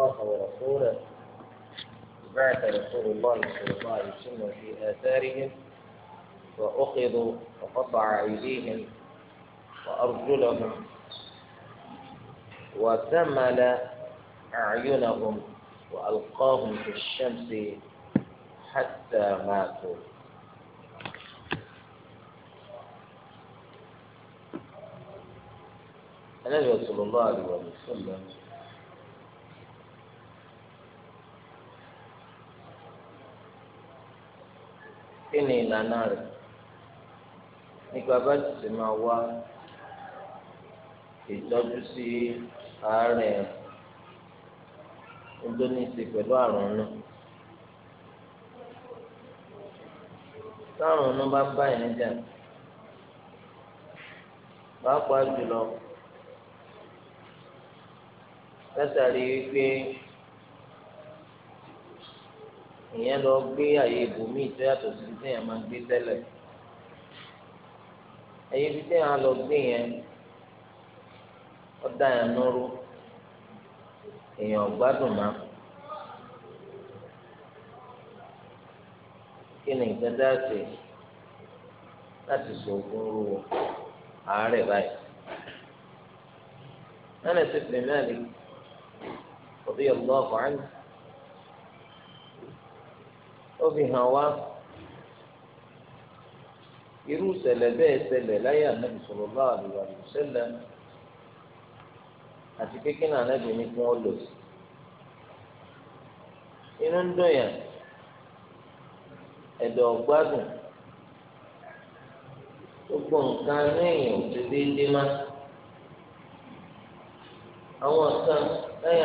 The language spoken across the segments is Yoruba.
الله ورسوله بعث رسول الله صلى الله عليه وسلم في آثارهم وأخذوا وقطع أيديهم وأرجلهم وثمل أعينهم وألقاهم في الشمس حتى ماتوا النبي صلى الله عليه وسلم kí ni ìlànà rẹ̀ nípa bá ti sì máa wá ìtọ́jú sí àárẹ̀ tó ní í pẹ̀lú àrùn náà. táwọn ọ̀nà bá ń bá yẹn jà pàápàá jùlọ látàrí wípé. ìyẹn lọ gbé àyè ibòmíì tó yàtọ̀ síbi tí èèyàn máa ń gbé tẹ́lẹ̀ àyè ibi tí èèyàn lọ gbé yẹn ọ̀dà yẹn nóró èèyàn gbádùn má kí ni nǹkan dá sí láti sògùn ru àárẹ̀ báyìí Anas ibn Malik Obi hawa hàn wá irú ìṣẹ̀lẹ̀ bẹ́ẹ̀ ṣẹlẹ̀ láyé ànábì sallallahu alaihi wasallam àti kékeré ànábì ní kí wọ́n inú ń dùn yàn ẹ̀dọ̀ ọ̀gbádùn gbogbo nǹkan lẹ́yìn òtún déédéé má àwọn kan láyé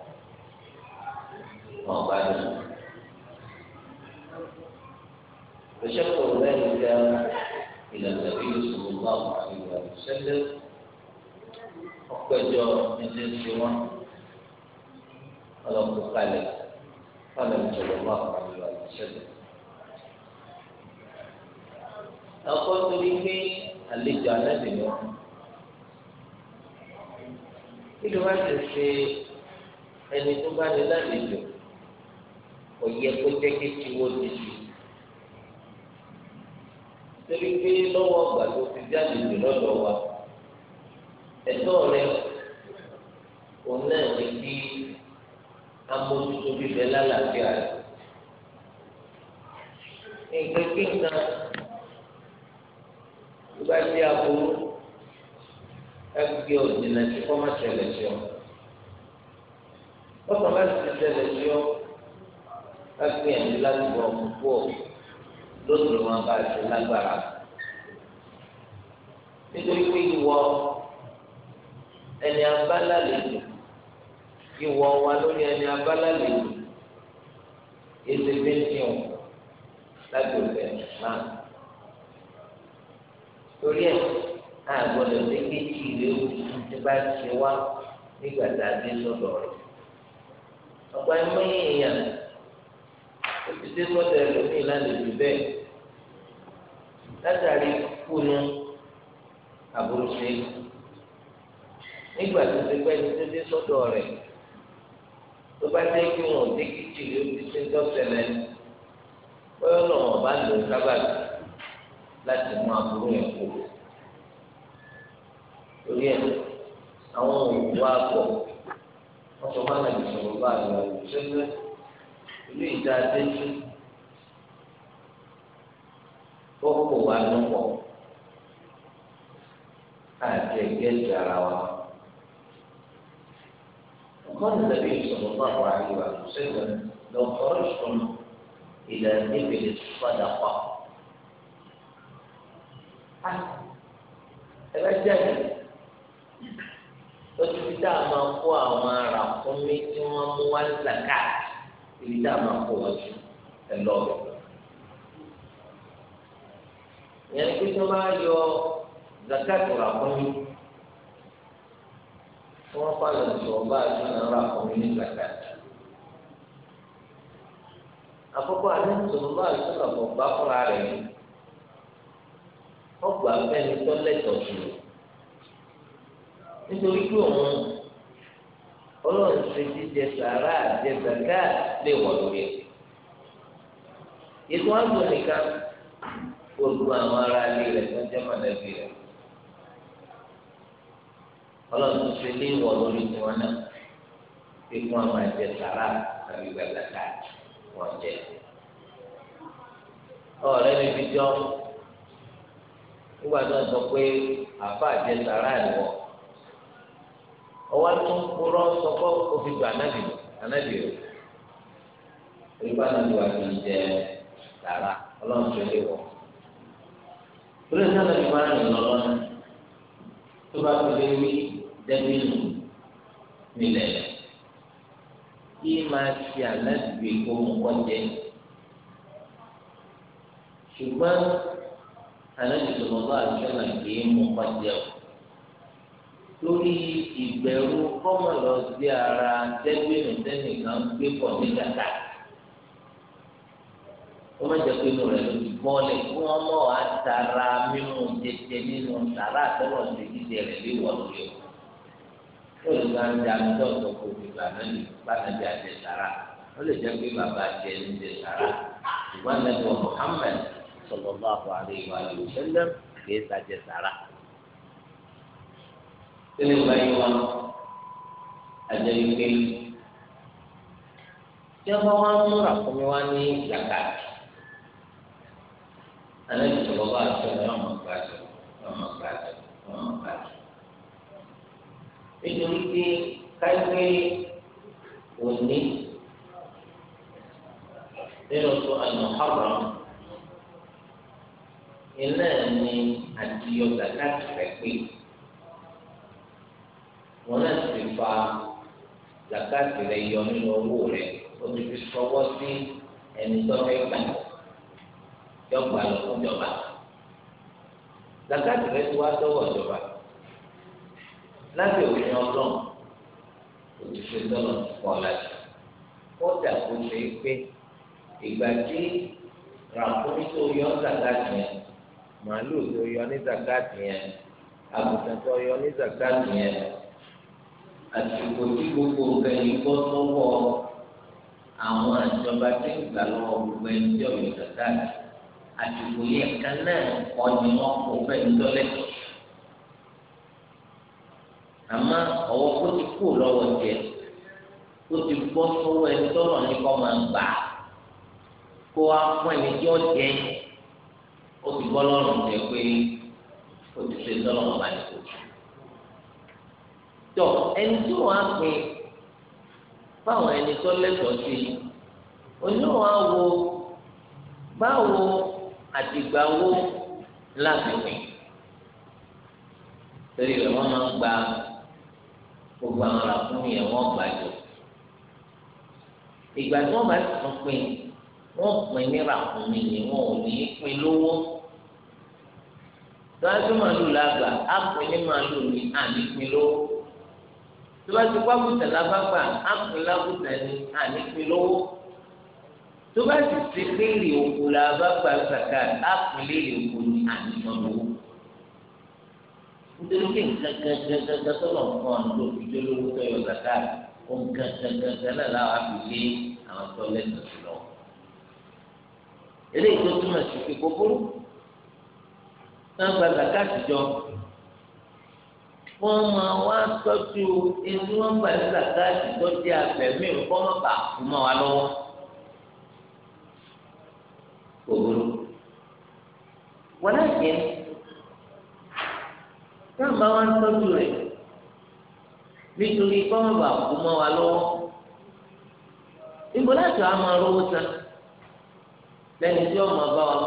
wọn bá dùn. فشكر ذلك إلى النبي صلى الله عليه وسلم ọpẹjọ ẹsẹ ṣe wọn ọlọpàá kalẹ̀ kọlẹ ìjọba wà pàlọ àìsẹlẹ. ọkọ torí pé àlejò alẹ́ ni wọn. kí ló wá ti ṣe ẹni tó bá ní lálejò? kò yẹ kó jẹ́ kí tiwó di su torí pé lọ́wọ́ gbàgbọ́ ti di àdìsí lọ́dọ̀ wa ẹ̀tọ́ rẹ òun náà ní kí amójútó bíbẹ lálàáfíà rẹ nǹkan kí nǹkan tó bá dé aburú ẹgbẹ́ òdìnnà tí kọ́ máa ṣẹlẹ̀ sí ọ. wọ́n sọ láti ṣẹlẹ̀ sí ọ káfíńsì láti bọ̀ òkú ọ̀ lóṣù wọn bá ṣe lágbára nítorí pé ìwọ ẹni abálàlejò ìwọ wa lórí ẹni abálàlejò ètò ìgbésìn láti òfin náà torí ẹ àgbọ́dọ̀ pé kéjì ìwé òkú ti bá ṣe wá nígbà tá a dé sọ́dọ̀ rẹ̀ ọ̀pọ̀ ẹ̀mọ́ èèyàn ìdí sọ́dọ̀ ẹlòmíì lálejò bẹ́ẹ̀ látàrí kùnú àbúrò ṣe nígbà tó ti pẹ́ tó dé sọ́dọ̀ rẹ̀ tó bá dé kí wọn ò dé kíjì ló ti ṣe dọ́sẹ̀lẹ̀ bóyá náà wọn bá lò sábàbí láti mú àbúrò yẹn kú torí ẹ àwọn òwò àpọ̀ wọn sọ fún àgbẹ̀ sọ̀rọ̀ bá àgbà òṣèlú ìlú ìta adéjú ó kó wa lọ́pọ̀ àti ẹgbẹ́ ìjà ara wa. قال النبي صلى الله عليه وسلم لو خرجتم إلى إبل الصدقة ẹ bá jáde lójú tí a máa kó àwọn ará fún mi tí wọ́n mú wá zaka ibi tá a máa kó wọn sí ẹ lọ bẹ. ìyẹn ni pé tí wọ́n bá yọ zakati rà fún mi tí wọ́n bá lọ sọ ọba àti ọ̀nà rà fún mi ní zakati. àkọ́kọ́ àti sọ̀rọ̀ àti sọ̀rọ̀ bọ̀ fúnra rẹ̀ ni wọ́n gbà fẹ́ni tó lẹ́tọ̀ọ́ sí nítorí pé òun ọlọ́run ṣe jíjẹ sàrà àjẹsàkáà lè wọ̀ lórí ẹ̀. ètò àgbò nìkan olú àwọn ará ilé rẹ̀ tó ń jẹ́ mọ̀lẹ́bí rẹ̀ ọlọ́run tó ṣe lé wọ̀ lórí tiwọn náà pé kí wọ́n máa jẹ sàrà tàbí gbàgbàgbà wọ́n jẹ. ọ̀rẹ́ mi fi jọ́ nígbà tó ń sọ pé àfa àjẹ sàrà ìwọ̀ ọwọ́ tó ń kúrọ́ sọ pé ó fi gbà ànábì ànábì rẹ̀ olùkọ́ náà ti wà kì í jẹ tààrà ọlọ́run tó lè wọ̀. Olú ìṣẹ́ náà ti máa ń rìn lọ́wọ́ náà tó bá tó lé wí dẹ́bìnú nílẹ̀ kí máa ṣe àládùúgbò èkó mọ̀kọ́ jẹ. Ṣùgbọ́n àládùúgbò bá àjọ náà kì í mọ̀kọ́ jẹ o lórí ìgbẹ̀rú kọ́mọ̀lọ́sí ara dẹ́bìnú tẹ́nìkan gbé pọ̀ ní kàkà ó má jẹ́ pé inú rẹ̀ ló ti bọ́ọ̀lẹ̀ kí wọ́n mọ̀ á tara mímú jẹjẹ nínú tàrà àtọ́wọ̀ ṣe jíjẹ rẹ̀ lé wọ̀ lórí o. ó lè máa ń da àmì tọ̀tọ̀ kó fi bàbá mi bàbá àjẹ tàrà ó lè jẹ́ pé bàbá jẹ ní jẹ tàrà ṣùgbọ́n lẹ́nu Muhammad sallallahu alaihi wa sallam kì í sàjẹ tàrà. tẹ́lẹ̀ báyìí wọn àjẹ́ ìpè tí wọ́n bá wọn múra fún mi wá àná ìjọba bá aṣọ ẹ̀ ọmọ gbàjọ ọmọ gbàjọ ọmọ gbàjọ. nítorí pé káyọ̀pé òní nínú tó àná ọ̀rọ̀ iná ni àdìyọ zakati rẹ̀ pé wọn náà ti fa zakati rẹ̀ yọ nínú owó rẹ̀ o ti fi sọwọ́ sí ẹni tó fẹ́ yọgbà lọ fún ìjọba zakati rẹ ti wá sọ́wọ́ ìjọba láti òfin ọlọ́run òṣìṣẹ́ sọlọ pọ láti kódà kó ṣe é pé ìgbà tí ràkúnmí tó yọ zakati yẹn màálùú tó yọ ní zakati yẹn àgùntàn tó yọ ní zakati yẹn àsìkò tí gbogbo kẹyìn bọ́ sọ́wọ́ àwọn àjọba tí ń gbà lọ́wọ́ gbogbo ẹni tí ọyọ zakati àdìgbò yẹn kan náà kọ́ ni wọ́n kó fẹ́ẹ́ ńlọ́lẹ̀. àmọ́ ọ̀wọ́ kó ti kú lọ́wọ́ jẹ kó ti gbọ́ sọ́wọ́ ẹni tọ́lọ̀ ní kọ́ máa ń gbà kó wá fún ẹni tí ó jẹ ó ti gbọ́ lọ́rùn jẹ pé ó ti ṣe tọ́lọ̀ wọn bá ní kó. ẹni tí wọ́n á pin fáwọn ẹni tó lẹ́tọ̀ọ́ sí i oníwọ̀n á wo báwo àtìgbà wo lábìwìn torí rẹ̀ wọ́n máa ń gba gbogbo àwọn ràkúnmí yẹn wọ́n gbà jọ ìgbà tí wọ́n bá tún pin wọ́n pin ní ràkúnmí ni wọ́n ò ní pin lówó tó bá tún màálù lágbà á pin ní màálù ní àmì pin lówó tó bá tún pákútà lábàgbà á pin lábùtà ní àmì pin lówó tó bá sì ti pé èrè oko la bá gba gbàgbà àpèlè èrè oko ní àníyàn owó nítorí pé gàgàgàgàgà tọ́lọ̀ nǹkan ló fi dé lówó tọ́yọ̀ gbàgbà ó gàgàgàgà náà làwọn àfi lé àwọn tọ́lẹ̀ náà lọ. eléyìí tó túmọ̀ sí pé kókóró náà gba gbàgbà àtijọ́ wọ́n máa wá tọ́jú ẹni wọ́n gbà gbàgbà àtijọ́ jẹ́ abẹ̀mí nǹkan mọ̀gbà fún mọ́ wa lọ́wọ́. bá wá ń tọ́jú rẹ̀ nítorí kọ́mọ̀bà kò mọ́ wa lọ́wọ́ láti máa rówó san lẹ́ni tí ọmọ bá wa rà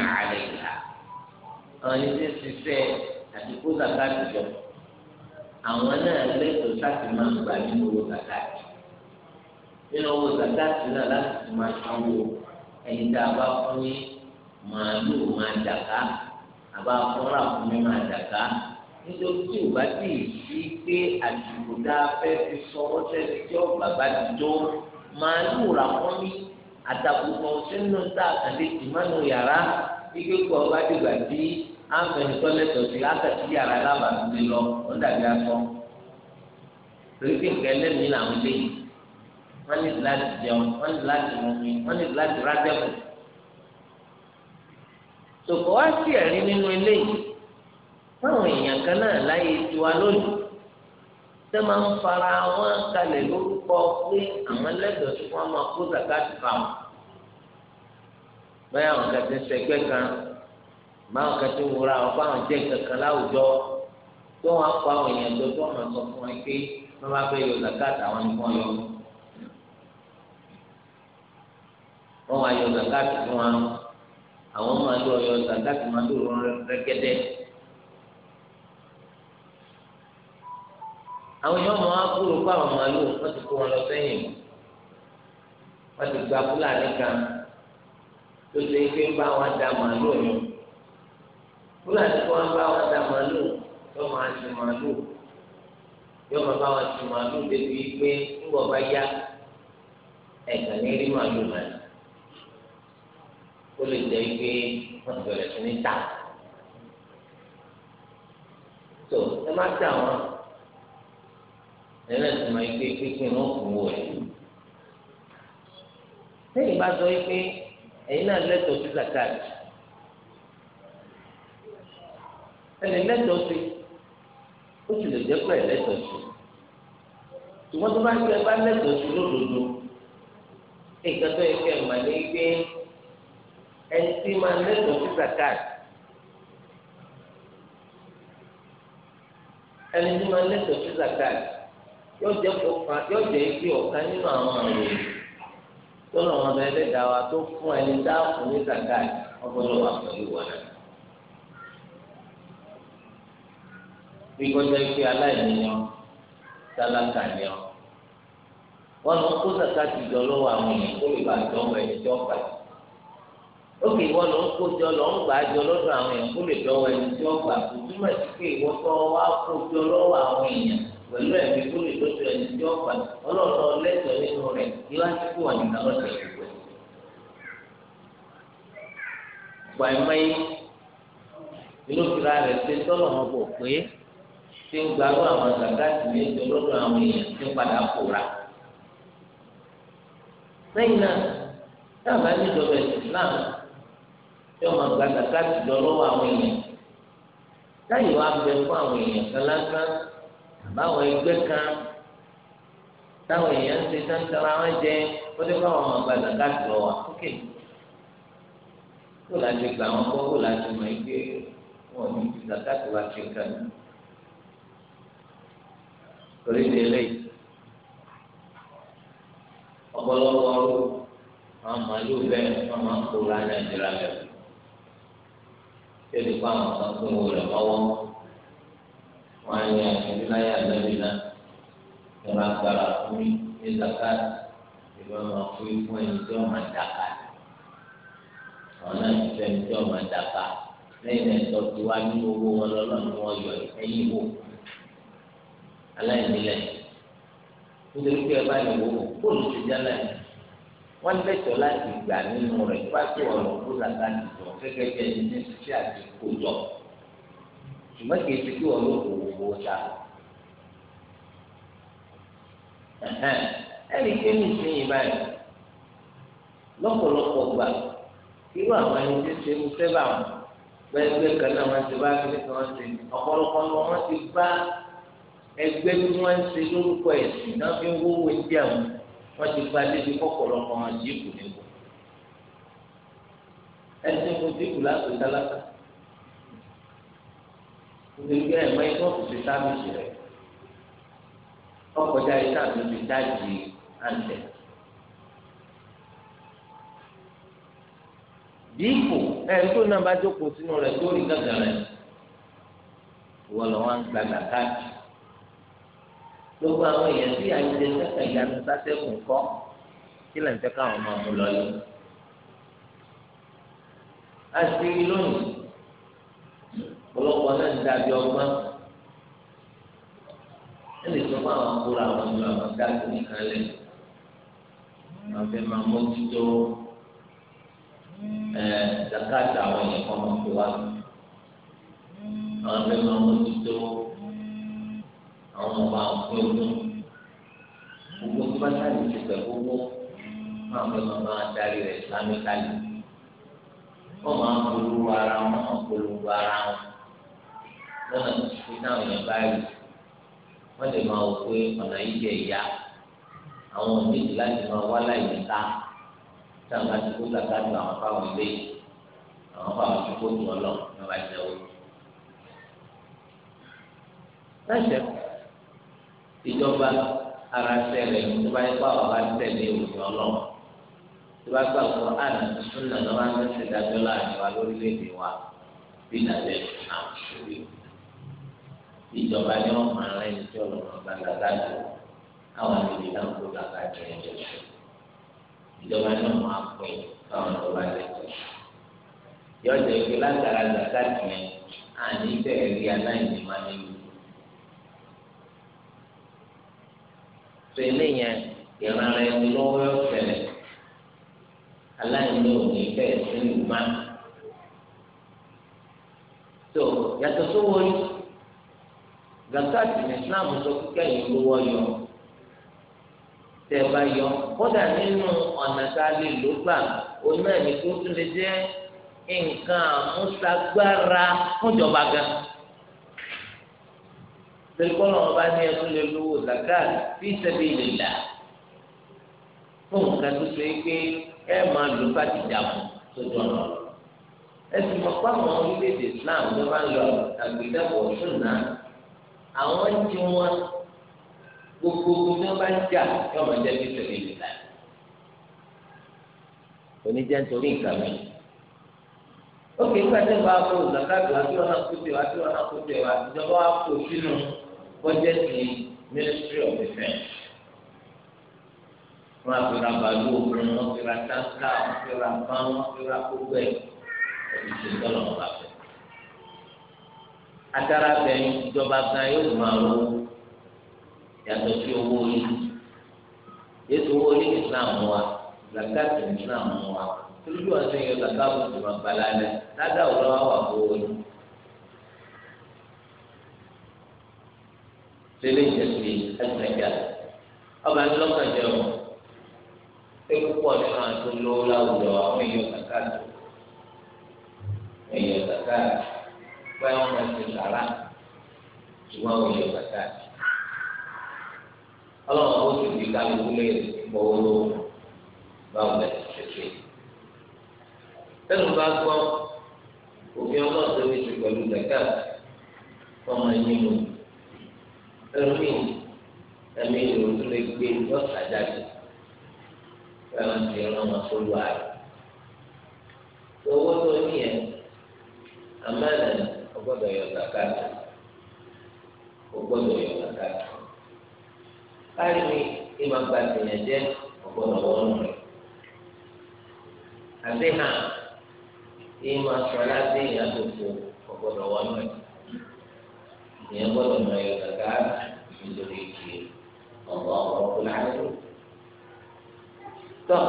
ọmọ lẹ́ni tí àwọn ẹni tí ń ṣiṣẹ́ àti kó zakati jọ àwọn náà lẹ́tọ̀ọ́ láti máa gbà nínú owó zakati nínú owó zakati náà láti máa sanwó ẹ̀yin tá a bá fún ní màálù máa dàgbà àbá fúnra fún mi máa dàgbà nítorí tí o bá ti yí pé àsìkò tá a fẹ́ fi sọ́wọ́ sẹ́ni tí ó bàbá ti tó màálù rà fún mi àtàkùn kan sínú tá a kàn lè tì mọ́nú yàrá ikú kọ́ ọ bá dìgbà bíi àǹfẹ̀yìn tọ́lẹ̀tọ̀ sí àtàtì yàrá alábàágbé lọ wọ́n dàbí akọ. torí pé nǹkan ẹlẹ́mìí làwọn lé yìí wọ́n ní láti jẹun wọ́n ní láti mumi wọ́n ní láti rádẹ́kù. sòkò wá sí ẹ̀rí nínú eléyìí fáwọn èèyàn kan náà láyé tiwa lónìí tẹ́ máa ń fara wọn kalẹ̀ lórúkọ pé àwọn ẹlẹ́dọ̀ọ́ tí wọ́n máa kó zakati fáwọn. báyà wọn kàtí sẹgbẹ́ kan máa kẹtí wúra àwọn fáwọn jẹ kankan láwùjọ tó wọn kọ àwọn èèyàn tó tó wọn sọ fún wọn pé wọn bá fẹ́ yọ zakat àwọn ni wọn yọ wọn wá yọ zakat fún wọn àwọn máa lọ yọ zakat máa lọ rọ rẹgẹdẹ àwọn èèyàn máa kúrò fún àwọn màálù wọn ti kó wọn lọ sẹ́yìn wọn ti gba fúlàní kan tó ṣe pé ń bá wọn da màálù yìí fúlàní kí wọn bá wọn da màálù yóò máa ti màálù yóò máa bá wọn ti màálù débi pé ńgbọ bá yá ẹgbẹ́ ní rí màálù náà ó lè jẹ́ pé wọn bẹ̀rẹ̀ sí ní ta tó ẹ má tà wọn lẹ́yìn tí máa gbé pínpín náà kù wọ ẹ lẹ́yìn bá sọ pé ẹ̀yin náà lẹ́tọ̀ọ́ sí zakati. ẹlẹ lẹtọọ sí ó sì lè jẹ pé ẹlẹtọọ sí ṣùgbọ́n tó bá ń gbẹ bá lẹtọọ sí lódodo nǹkan tó yẹ kẹ́ ẹ̀ mà ní gbé ẹni tí máa lẹtọọ sí zakat ẹni tí máa sí yóò jẹ yóò bí kọjá ife aláìní ni ọ tálákà ni ọ wọn lọ kó zakati jọ lọ́wọ́ àwọn èèyàn kó lè bá jọ ọmọ ẹni tí ó gbà jù ókè wọn lọ kó jọ lọ ń gbà jọ lọ́dọ̀ àwọn èèyàn kó lè jọ ọmọ ẹni tí ó gbà jù túmọ̀ sí pé ìwọ tó wá kó jọ lọ́wọ́ àwọn èèyàn pẹ̀lú ẹ̀mí kó lè lọ́dọ̀ ẹni tí ó gbà jù nínú rẹ̀ iwájú kó tí ó gbarú àwọn gàgáàtì méjì lọ́dọ̀ àwọn èèyàn tí ó padà kóra. lẹ́yìn náà dábàá níjọba Islam tí ó máa gba gàgáàtì lọ lọ́wọ́ àwọn èèyàn láyé wàá bẹ fún àwọn èèyàn kan lásán àbáwọn ẹgbẹ́ kan táwọn èèyàn ń ṣe sáńtara wọn jẹ ó dé fún àwọn ọgbà gàgáàtì lọ́wọ́ àkókè kó láti gbà wọn kó kó láti mọ ẹgbẹ́ wọn ní gàgáàtì wa ṣe kan náà torí ní eléyìí ọ̀pọ̀lọpọ̀ ọ̀rọ̀ àwọn màálùú bẹ́ẹ̀ wọ́n máa ń kóra nàìjíríà lẹ̀ ṣé nípa àwọn kan kún owó rẹ̀ lọ́wọ́ wọ́n á ní àyẹ̀wò láyé àlẹ́bìnà ìrọ̀ agbára fún ní zakat ìrọ̀ máa fún fún ẹni tí wọ́n máa dàka àwọn náà ti fẹ́ ẹni tí wọ́n máa dàka lẹ́yìn ẹ̀tọ́ tiwa owó wọn lọ́lọ́run wọn yọ ẹ̀yìn wò aláìnílẹ̀ nítorí pé ẹ bá yẹ wò kó ló ti dá láì wọn lẹ́tọ̀ọ́ láti gbà nínú rẹ̀ bá tó ọ̀rọ̀ kó làtà jùlọ gẹ́gẹ́ bí ẹni ní sísẹ àti kójọ ṣùgbọ́n kì í ti kí wọn ló kó owó ta ẹnì pé ní ìsinyìí báyìí lọ́pọ̀lọpọ̀ gbà irú àwọn ẹni tí ṣe irú sẹ́bà wọn gbẹgbẹ kan náà wọn ti bá kíní kan ṣe ọ̀pọ̀lọpọ̀ ni wọn ti bá ẹgbẹ́ tí wọ́n ń ṣe lórúkọ ẹ̀sìn náà fi ń wówó ẹbí àwọn wọ́n ti gba débi kọ́kọ́lọ́kọ́ wọn jí kù níbo. ẹsẹ̀ mo jí kù láti tálákà. nítorí ẹ̀mọ́ ikọ́ kò ti sáàmìsì rẹ̀. ọkọjá ìta mi ti dájì àǹtẹ̀. dípò ẹ̀rí tó náà bá jókòó sínú rẹ̀ tó rí gàgàrẹ̀ wọ́n lọ́wọ́ ń gbàgbà káàkiri gbogbo àwọn èèyàn tí àyíjẹ sẹ́kẹ̀ ìyanu sásẹ́kùn kọ́ kí lẹ́yìn tẹ́ káwọn máa mú lọ yìí. àṣírí lónìí ọ̀pọ̀lọpọ̀ náà ń dàbí ọgbọ́n ẹ lè sọ fún àwọn akóra àwọn ọmọ àwọn dáàbò nìkan lẹ àwọn fẹ́ máa mójútó ẹ zakata àwọn èèyàn kan máa fi wá àwọn fẹ́ máa mójútó àwọn ọmọ bá ń pín ogún gbogbo tó bá sáré ti pẹ̀ gbogbo máa ń bẹ màmá darí rẹ̀ islamically wọ́n máa ń polówó ara wọn máa ń polówó ara wọn lọ́nà tí táwọn èèyàn bá rí wọ́n lè máa wò pé ọ̀nà yìí jẹ́ ìyá àwọn òmìnir láti máa wá láì níta táwọn bá ti kó zakatu àwọn fáwọn ilé yìí àwọn fáwọn tó kó tù ọ ní wọ́n bá jẹ́ ìjọba ara tẹ̀lé tó bá yẹ kó àwọn bá tẹ̀lé òfin ọlọ́run tó bá gbà fún àná súnà náà wọn ti dájọ́ láàrin wa lórílẹ̀‐èdè wa bí nàbẹ́ àwọn òṣèré ìjọba ni wọn máa rán ẹni tí ọlọ́run bá dàgbà jù àwọn àlejò náà kó dàgbà jù ẹ̀jẹ̀ jù ìjọba ni wọn máa pín káwọn ìjọba lẹ́tọ̀ọ́ yọjọ ìpè látara gbàgbà jù ẹ̀ àní bẹ́ẹ̀ rí aláìní máa ń tó eléyẹn ìrànlọ́ ẹni lọ́wọ́ ọ̀sẹ̀lẹ̀ aláìní òní bẹ́ẹ̀ sí ìlú má. tó yàtọ̀ tó wọlé zakati ní islam sọ kíkẹ́ yìí lówó yọ tẹ bá yọ kódà nínú ọ̀nà tá a lè lò gbà òun náà ní kó tún lè jẹ́ nǹkan àmúṣagbára fúnjọba gan torí kọ́ lọ́wọ́ bá ní ẹtú lè lówó zakat fi sabilillah fún nǹkan tó so yìí pé ẹ máa lò láti dààmú tó dọ̀nà ẹ sì mọ̀ àwọn orílẹ̀-èdè Islam ló bá ń lọ àgbéléwọ̀ ṣùnà àwọn tí wọ́n gbogbo tí wọ́n bá ń jà yóò máa jẹ́ fi sabilillah oníjẹ́ nítorí nǹkan mi ó kì í pàṣẹ bá a kó àti ọ̀nà kúté àti ọ̀nà kúté wa wa kó sínú kọjá sí ministry of defence wọn àfihàn bàálù obìnrin wọn fi ra táǹkà wọn fi ra pán wọn fi ra gbogbo ẹ ẹbí ṣe tọ́lọ̀ wọn bá fẹ́. atara bẹ́ẹ̀ ìjọba gan yóò máa ro yàtọ̀ sí owó orí yéésù owó orí islam wa zakati islam wa tolúdú ọ̀sẹ̀ yẹn zakati ìjọba balẹ̀ ládàá òwúrọ̀ wà wà fún yìí. tẹ́lẹ̀ ìjẹsí ẹgbẹjà ọba ńlọkànjẹ ọ ekúpọ nínú àti olówó láwùjọ àwọn èèyàn kàkàtì èèyàn kàkàtì báyọ̀ wọn ti sàrà ṣùgbọ́n àwọn èèyàn kàkàtì ọlọ́run ó sì di kálukú lé gbọ́wọ́ lọ́wọ́ báwo lẹ ṣe ṣe. sẹ́nu bá gbọ́ òfin ọlọ́run tó ní ṣe pẹ̀lú máa yín mu ẹlòmíì ẹmí ìlú tó lè gbé lọ́sà jáde fẹ́ràn ti ràn wọn tó lu àrè owó tó ní yẹn àmàlà ọgbọ́dọ̀ yọ zakata ọgbọ́dọ̀ yọ zakata báyìí ni ìmọ̀ gba tìyẹn jẹ́ ọgbọ́dọ̀ wọ́n rẹ̀ àti hàn ìmọ̀ sọ̀rọ̀ láti ìyàtọ̀ fún ọgbọ́dọ̀ wọ́n rẹ̀ ìyẹn gbọ́dọ̀ mọ ẹ̀yọ kàkà nítorí kí ọ̀bọ̀ ọ̀rọ̀ kó láyé. tọ́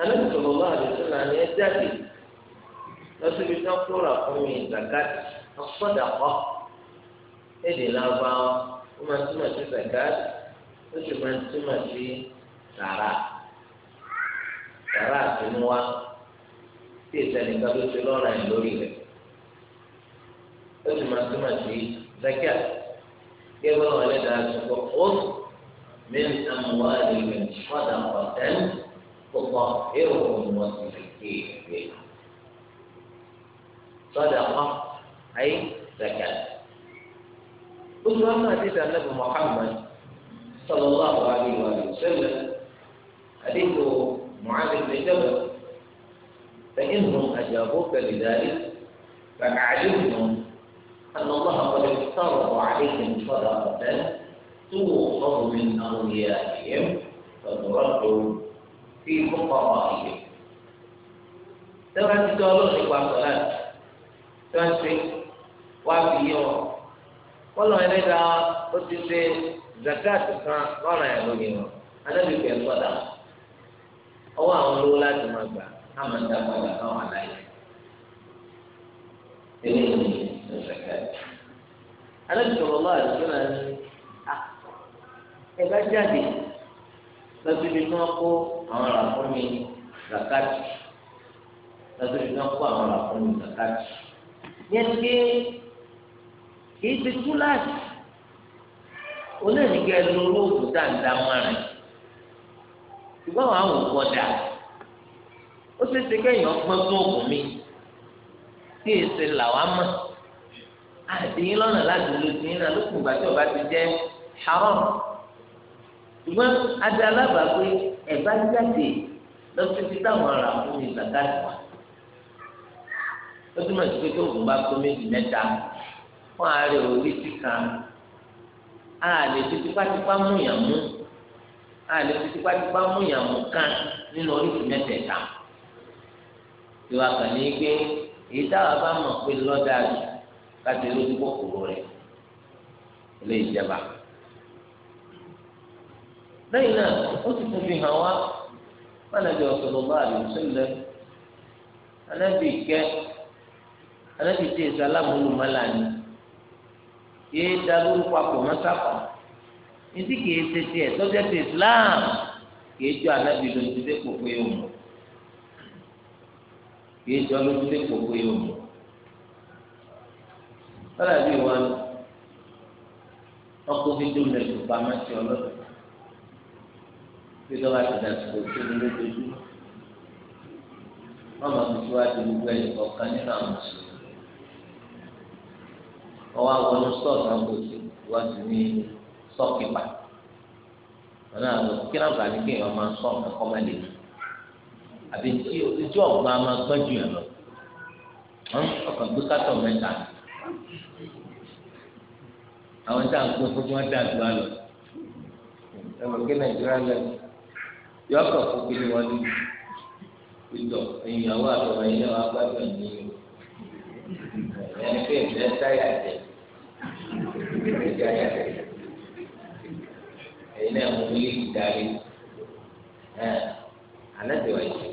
alẹ́ sọ̀rọ̀ bá àdìsọ́ náà ní ẹ jáde lọ́sibí tí wọ́n kóra fún mi kàkà ọ̀pọ̀dà kọ́ èdè làbá ó máa túmọ̀ sí kàkà ó sì máa ó sì máa túmọ̀ sí zakat kí wọ́n wọlé dáa sọ̀kọ̀ ó mi ń amúwá ìlú fọ́dà ọ̀tẹ́n kókó èrò wọn sì lè ké ìwé. sọ́dà kan ayé zakia ó tún wá máa ti sàn lẹ́bùn Muhammad صلى الله عليه وآله وسلم حديث معاذ بن جبل فإنهم أجابوك لذلك فأعلمهم أن الله قد افترض عليهم صدقة توخذ من أوليائهم فترد في فقرائهم tẹ́wọ́n ti tọ́ lónìí pa sọ̀rọ̀ tí wọ́n ṣe wá fi yé wọn. wọ́n lọ ẹlẹ́dàá ó ti ṣe zakat kan lọ́ràn ẹ̀ lónìí wọn adábìpẹ̀ sọ̀dà ọwọ́ àwọn olówó láti máa gbà á máa ń dá padà káwọn àlàyé. Ànábì sallallahu alaihi wasallam ni ẹ bá jáde lọ́sibí tí wọ́n kó àwọn ràkúnmí zakati lọ́sibí tí wọ́n kó àwọn ràkúnmí zakati. yẹn ti kì í ti tú láti onídìgẹ lóró òkú dáadáa márùn ṣùgbọ́n àwọn àwọn òkú ọ̀dà ó ṣeé ṣe kéèyàn gbọ́n tó òkú mi tí èsì làwọn á mọ̀ àdéhìn lọ́nà láti lo tìyín náà lókùn ìgbà tí ọba ti jẹ́ haram ṣùgbọ́n adé alábàá pé ẹ̀bá jáde lọ́sí ti táwọn ará fún mi zakati wa lọ́sí màá ti pé tó oògùn bá tó méjì mẹ́ta fún ààrẹ orí síka a lè fi tipátipá mú yàn a lè fi tipátipá mú yàn mú kan nínú oríṣi mẹ́tẹ̀ẹ̀ta ìwà kan pé èyí táwa bá mọ̀ pé lọ́dà yìí láti lójú kòkòrò rẹ̀ ilé ìjẹba. lẹ́yìn náà ó sì tún fi hàn wá mọ́nàbí ọ̀sọ̀lọ́gbà àdìsílẹ̀ anábì kẹ́ anábì tí èsì alámúlùmọ́lá ni yéé da lórúkọ àpòmọ́sáfà ìdí kìí ṣe tiẹ̀ tọ́jú ẹ̀sìn Islam kìí jọ anábì lójú dé kòkó yòó mọ̀ kìí jọ lójú dé kòkó yòó mọ̀ lọ́dà bí ìwà ni ọkọ̀ fídíò lẹ̀ tó bá má ti ọlọ́dọ̀ bí lọ́wọ́ àti dàtúkọ̀ tó ní lójoojúmọ́ wọ́n máa fi síwájú gbogbo ẹ̀yìn kọ̀ọ̀kan nínú àwọn mùsùlùmí ọwọ́ àwọn oníṣọ́ọ̀tì náà kò sí ìwádìí ní sọ́ọ̀kì pa ọ̀nà àwọn kí náà bàálí kí èèyàn sọ ọ̀nà kọ́má lè ní àbí tí ọ̀gbọ́n máa gbọ́n jù ẹ̀ lọ ọkàn gbé kátọ̀ mẹ́ta ni àwọn tá à ń pè fún kí wọ́n dà ju àlọ́ ẹ̀rọ pé nàìjíríà lẹ́nu yọ ọkọ̀ fún kí wọ́n ní ìtọ̀ ìyàwó àtọ̀wọ̀ yìí náà wàá gbàgbọ́ ní ẹni pé ìbílẹ̀ táyà jẹ ìbílẹ̀ táyà jẹ ẹ̀yin náà mú mílíkì dárí ẹ̀ alẹ́ tẹ̀wá yìí.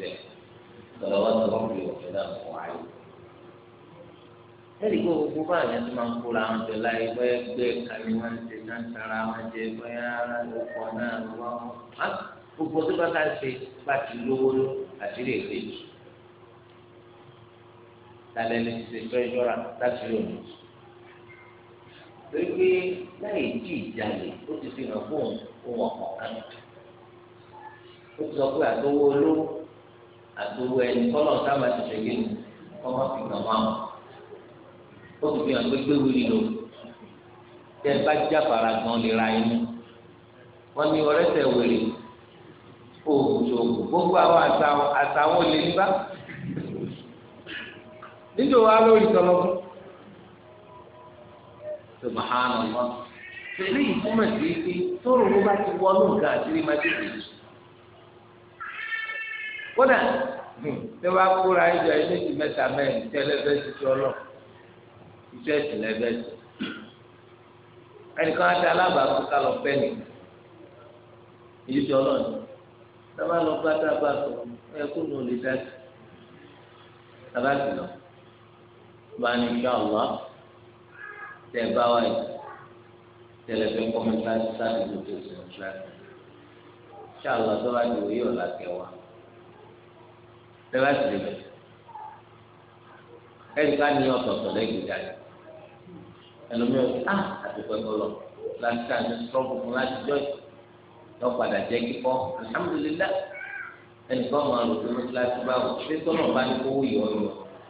gbogbo àwọn ẹni máa ń kóra àwọn jọ láyé bóyá gbé kàní wọn ṣe náà tara wọn jẹ bóyá ọkọ náà lọ wọn. gbogbo tó bá ká ṣe bá ti lówó ló àti lè gbé jù. lálẹ́ ní ti ṣe tẹ́jọ́ra láti lò ní. pépé láì jí ìjàlè ó ti fi hàn fún òun ọkọ̀ kan. ó ti sọ pé àtọwọ́ olówó àtọwọ́ ẹni kọ́lọ̀ sábà ti ṣe yé mi kọ́ máa fi hàn wọn ó fi hàn gbégbé wuli lò tẹ bá jáfara gan lè ra inú wọn ní ọrẹ tẹ wèrè oògùn gbogbo àwọn àtàwọn olè níbà nítorí wa lórí tọlọmọ subahana wa tẹlẹ ìtumọ̀ sí pé tóró ló bá ti wọnú nǹkan àtìrí máa tètè kódà hmm, tẹ wá kóra ẹjọ ẹ méjì mẹ́ta mẹ́rin tẹlẹ fẹẹ ti tọ iṣẹ́ ìsìnlẹ̀ bẹ́ẹ̀ sí. ẹnìkan á dá alábàákú ká lọ fẹ́ nì èyí tí ọlọ́ọ̀ni sábà lọ bá dábà sọ ẹ kó nù lè dá sí sábà sì lọ bá ní ìṣọ àwọn tẹ bá wà yìí tẹlẹ fẹ kọ́ mi láti sáré lójú ìṣẹ̀ ìṣẹ̀ ìṣẹ̀ àwọn tó bá di òye ọ̀la kẹwàá tẹ bá sì ẹnìkan ní ọ̀tọ̀ọ̀tọ̀ lẹ́gbẹ̀ẹ́ dáadáa ẹlòmíràn ti ah, àtúpẹ́ bọ́lọ̀ láti ká ní sọ́ọ̀bù fún láti jọ́ yọ padà jẹ́ kíkọ́ alhamdulilá ẹnìkan máa lò pé mọ́tíláṣí bá wò pé tọ́lọ̀ bá ní kówó yọ yọ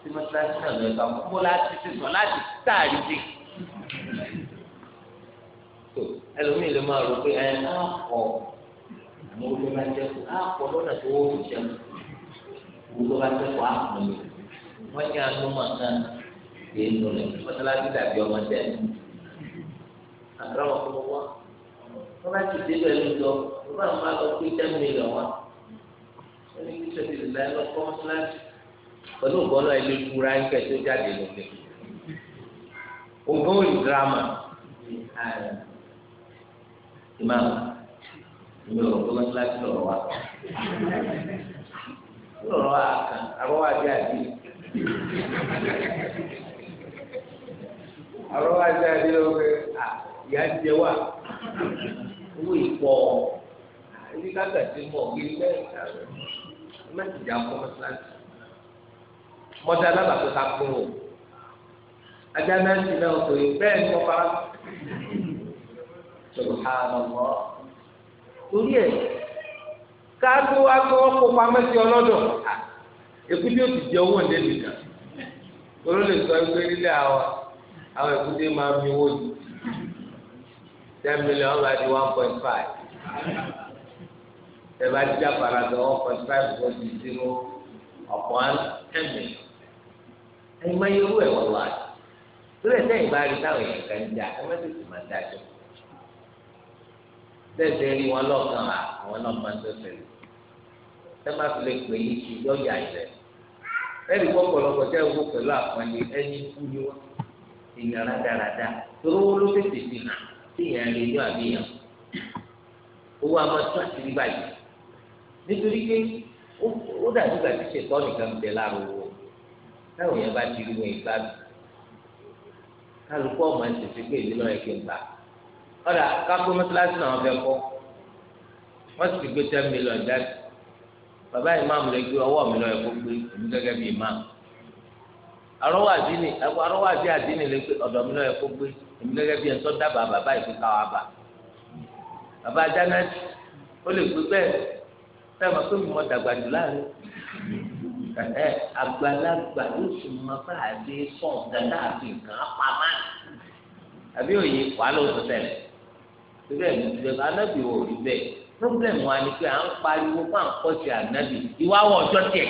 tí mọ́tíláṣí náà lọ ẹ̀ka kó láti ti sọ láti táàrí sí. ẹlòmíràn lè máa rò pé ẹ á kọ̀ àmọ́ ó ló bá jẹ́ kó á kọ̀ lọ́nà tó wọ́n fi jẹun gbogbo bá jẹ́ kó á kọ̀ mi wọ́n ní gbé nù rẹ̀ mọ́sálásí dàbí ọmọ tẹ́lẹ̀. àtúrà wọn fún wa wọn bá ti dé pẹ̀lú lọ wọn bá wọn lọ pé ten million wa wọn ní kí sọ́dí ìlú láyé lọ́kọ́ mọ́sálásí pẹ̀lú ìbọn náà ilé kúra ń kẹ́ tó jáde lókè. ògbóhùn ìdírámà ìmáàmù ìmọ̀ òrùn tó mọ́sálásí lọ́rọ̀ wa lọ́rọ̀ wa kan àbọ̀wá bí àdé. ọ̀rọ̀ wa ṣe àdé ọ̀rẹ́ à ìyá ń jẹ wá owó ìpọ̀ ah, ibi káàkà ti mọ̀ ògiri lẹ́yìn ìtàrẹ́ mẹ́tì ìjà kọ́ mọ́sálásì mọ́tà alábàtọ́ ta kún o ajá náà ti náà pé bẹ́ẹ̀ ni wọ́n fara sọ̀rọ̀ ha lọ́wọ́ torí ẹ̀ káàdó èkúté òtítì olólè sọ nílé àwọn. àwọn èkúté máa ń mi owó yìí ten million ọba di one point five ẹ bá dídá paradọ one point five kò di zero upon ten million ẹ̀yin máa yẹwò ẹ̀ wọ́n wá lórí ẹ̀sẹ̀ yìí bá rí táwọn èèyàn kan jà ẹ má tètè máa dájọ́ tẹ̀sẹ̀ rí wọn lọ́kàn àwọn náà máa ń tẹ̀sẹ̀ rí tẹ́ má fi lè pè é yọ̀ọ̀yà ilẹ̀ ẹ̀rí pọ̀ pọ̀lọpọ̀ tẹ́ ẹ wó pẹ̀lú àpọ̀nlé ẹ̀yìn kú ni wọ́n èèyàn rádaràda torí owó ló tètè dènà tí èèyàn lè yọ àbíyàn owó amọ̀tún àti rí báyìí nítorí pé ó dàbí ìgbà tí ṣètò nìkan ń bẹ lára owó táwọn èèyàn bá ti rí wọn ìgbà mi kálukú ọmọ ẹsẹ ti pé ìdílé ọyẹ kí n gbà ọ̀dà kápẹ́ mọ́tíláṣí náà fẹ́ kọ́ wọ́n sì ti gbé ten million jáde bàbá ìmáàmù lè gbé ọwọ́ mi lọ́yẹ̀ kó gbé èmi gẹ́gẹ́ bí ìmáàmù arọwọ àdínì arọwọ àdí àdínì lè pé ọ̀dọ̀ mi náà yẹ kó gbé èmi gẹ́gẹ́ bí ẹ̀tọ́ dábàá bàbá ìfún káwa bà bàbá ajánájì ó lè gbé bẹ́ẹ̀ sábà pé mi mọ dàgbà jù láàrin ẹ àgbàlagbà yóò sì mọ bá a dé sọ̀n dáná àti nǹkan apamá àbí òye wàá lọ sọ tẹ́lẹ̀ síbẹ̀ ní anábì wò rí bẹ́ẹ̀ problem wa ni pé à ń pariwo fún àkọ́sí ànábì ìwà wọ̀ ọjọ́ tiẹ̀.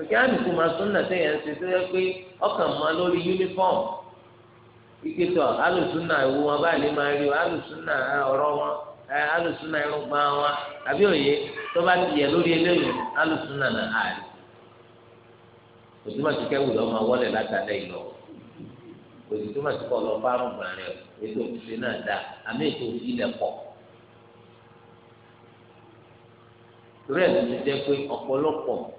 òkè àdùkù ma súnà téèyàn ṣe tó yẹ pé ọkàn máa lórí yúnífọ́ọ̀mù ìgbésọ alùsùnà ìwú wọn báyìí ní máa rí o alùsùnà ọ̀rọ̀ wọn alùsùnà irúgbà wọn àbí òye tó bá ti yẹ lórí eléyìí alùsùnà náà àárẹ òtúmọ̀ tí kẹ́wù ma wọlé látàlẹ́ ìlọ òtún túmọ̀ kọ́ lọ ètò náà dá àmì ètò ìlẹ̀ pọ̀ rẹ̀ ti jẹ́ pé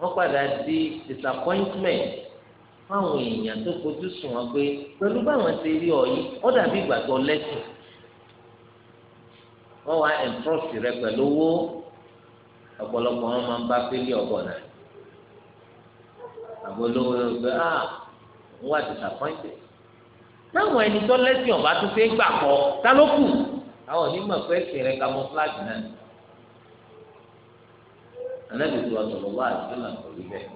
wọ́n padà di disappointment fáwọn èèyàn tó fojú sùn wọn pé pẹ̀lú báwọn ṣe rí ọ yìí ó dàbí ìgbà tó lẹ́sìn wọ́n wá ẹ̀ńtrọ́sì rẹ pẹ̀lú owó ọ̀pọ̀lọpọ̀ wọn máa ń bá pélé ọ̀bọ̀ náà àbò olówó ló gbé ah ń wá disappointed táwọn ẹni tó lẹ́sìn ọ̀bá tó fẹ́ gbà kọ́ tá ló kù àwọn onímọ̀ fẹ́ ṣe camouflage náà anábì tó wà sọ̀rọ̀ wá àti ìlànà òrí bẹ́ẹ̀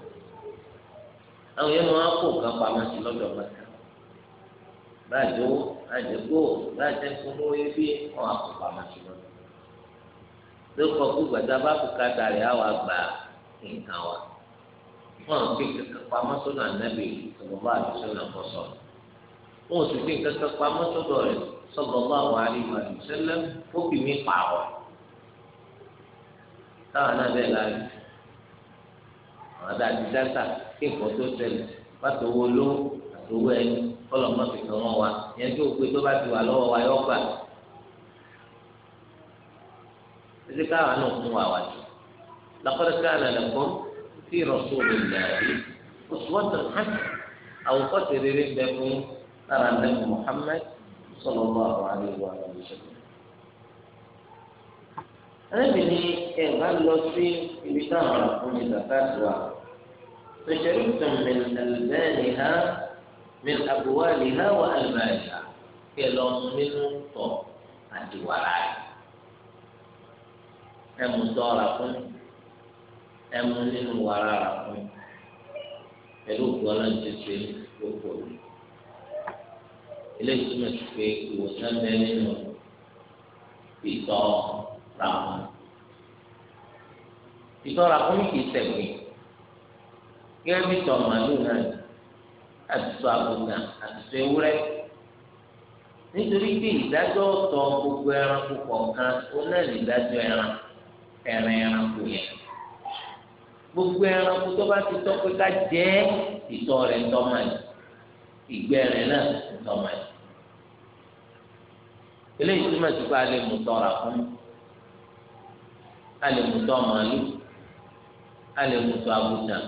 àwọn yẹn máa kó nǹkan pamọ́ sí lọ́dọ̀ mẹ́ta báyìí owó báyìí gbó báyìí ẹ̀kọ́ lówó yẹ bí wọ́n á kó pamọ́ sí lọ́dọ̀ ló kọ́ kó gbàdá bá kó ká darí àwọn àgbà nǹkan wa wọ́n á fi kankan pamọ́ sọ́dọ̀ anábì sọ̀rọ̀ wá àti sọ̀rọ̀ náà kọ́ sì fi kankan pamọ́ sọ́dọ̀ rẹ̀ sọ̀rọ̀ wá àwọn àríwá àti sẹ́lẹ̀ fóbi mi pààrọ̀ táwọn náà bẹ́ẹ̀ láàyè àwọn àdáàdì dáta kí nǹkan tó ṣẹlẹ̀ pàtó owó lówó àti owó ẹni kọ́lọ̀ máa fi kàn wọ́n wa yẹn tó pé tó bá ti wà lọ́wọ́ wa yọ gbà títí káwọn náà fún wa wà jù laqad kana lakum fi rasulillahi uswatun hasanah àwòkọ́ṣe rere ń bẹ fún lára Ànábì Muhammad sallallahu alaihi wa sallam ẹnìbí ni ẹ bá lọ sí ibi táwọn àfúnni zakati wà tòṣèlúùtò min albani ha min abuwali ha wà albani ha kẹ lọ nínú tọ àti wàrà ẹ mú tọ́ra fún ẹ mú nínú wàrà rà fún pẹ̀lú gbọ́dọ̀ ti ṣe gbogbo rẹ̀ eléyìí túmọ̀ sí pé ìwòsàn bẹ nínú ìtọ́. ra wọn. ìtọ́ra fún mi kì í sẹ̀gbìn gẹ́gẹ́ bí tọ́ màálù náà àti tọ́ àgùntàn ewúrẹ́ nítorí pé ìdájọ́ ọ̀tọ̀ gbogbo ẹranko kọ̀ọ̀kan ó náà lè dájọ́ ẹran ẹran ẹranko yẹn gbogbo ẹranko tó bá ti ká jẹ́ ìtọ́ rẹ̀ ń yìí ìgbẹ́ rẹ̀ náà ń yìí eléyìí túmọ̀ sí pé a a lè mú tọ́ màálù a lè mú tọ́ àgùtàn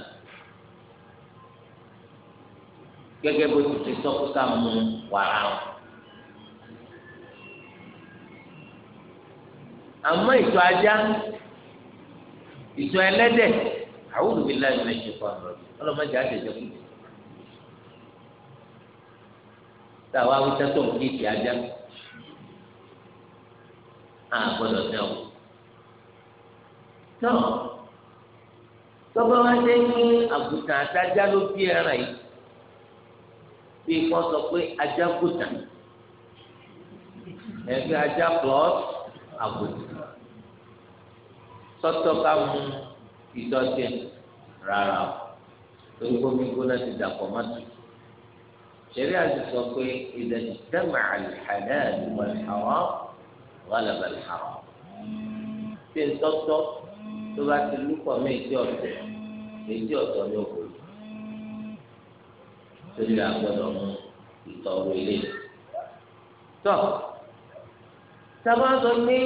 gẹ́gẹ́ bó ti ti sọ kó ká mú wàrà o. àmọ́ ìtọ́ ajá ìtọ́ ẹlẹ́dẹ̀ àwọn olùbílẹ̀ ẹ̀mí ẹ̀ṣẹ̀ fún ọ̀rọ̀ ọlọ́mọdé àtẹ̀jẹ́ kù. táwa wíṣẹ́ tó ń kí ìtì ajá àgbọ̀dọ̀ tẹ̀ ọ́ tán tọ́gbọ́n wá dé ní àgùntàn àtàjà ló bí ẹran yìí bí wọ́n sọ pé ajá gùntàn ẹgbẹ́ ajá plus àgùntàn sọ́tọ́ ká mú ìdọ̀tí rárá o torí kó gbígbó láti dàpọ̀ má tù. Ṣẹ̀rí àti sọ pé ìdẹ̀tí dẹ́mà àlìhàlẹ́ àdìmọ̀ ìhàwọ́ wàlẹ̀ bẹ̀rẹ̀ ìhàwọ́. Ṣé tọ́tọ́? tó bá ti lúpọ̀ mí ètí ọ̀tọ̀ ètí ọ̀tọ̀ ní òkú torí àgbọ̀dọ̀ mú ìtọ̀wé lé tọ́ sábà sọ pé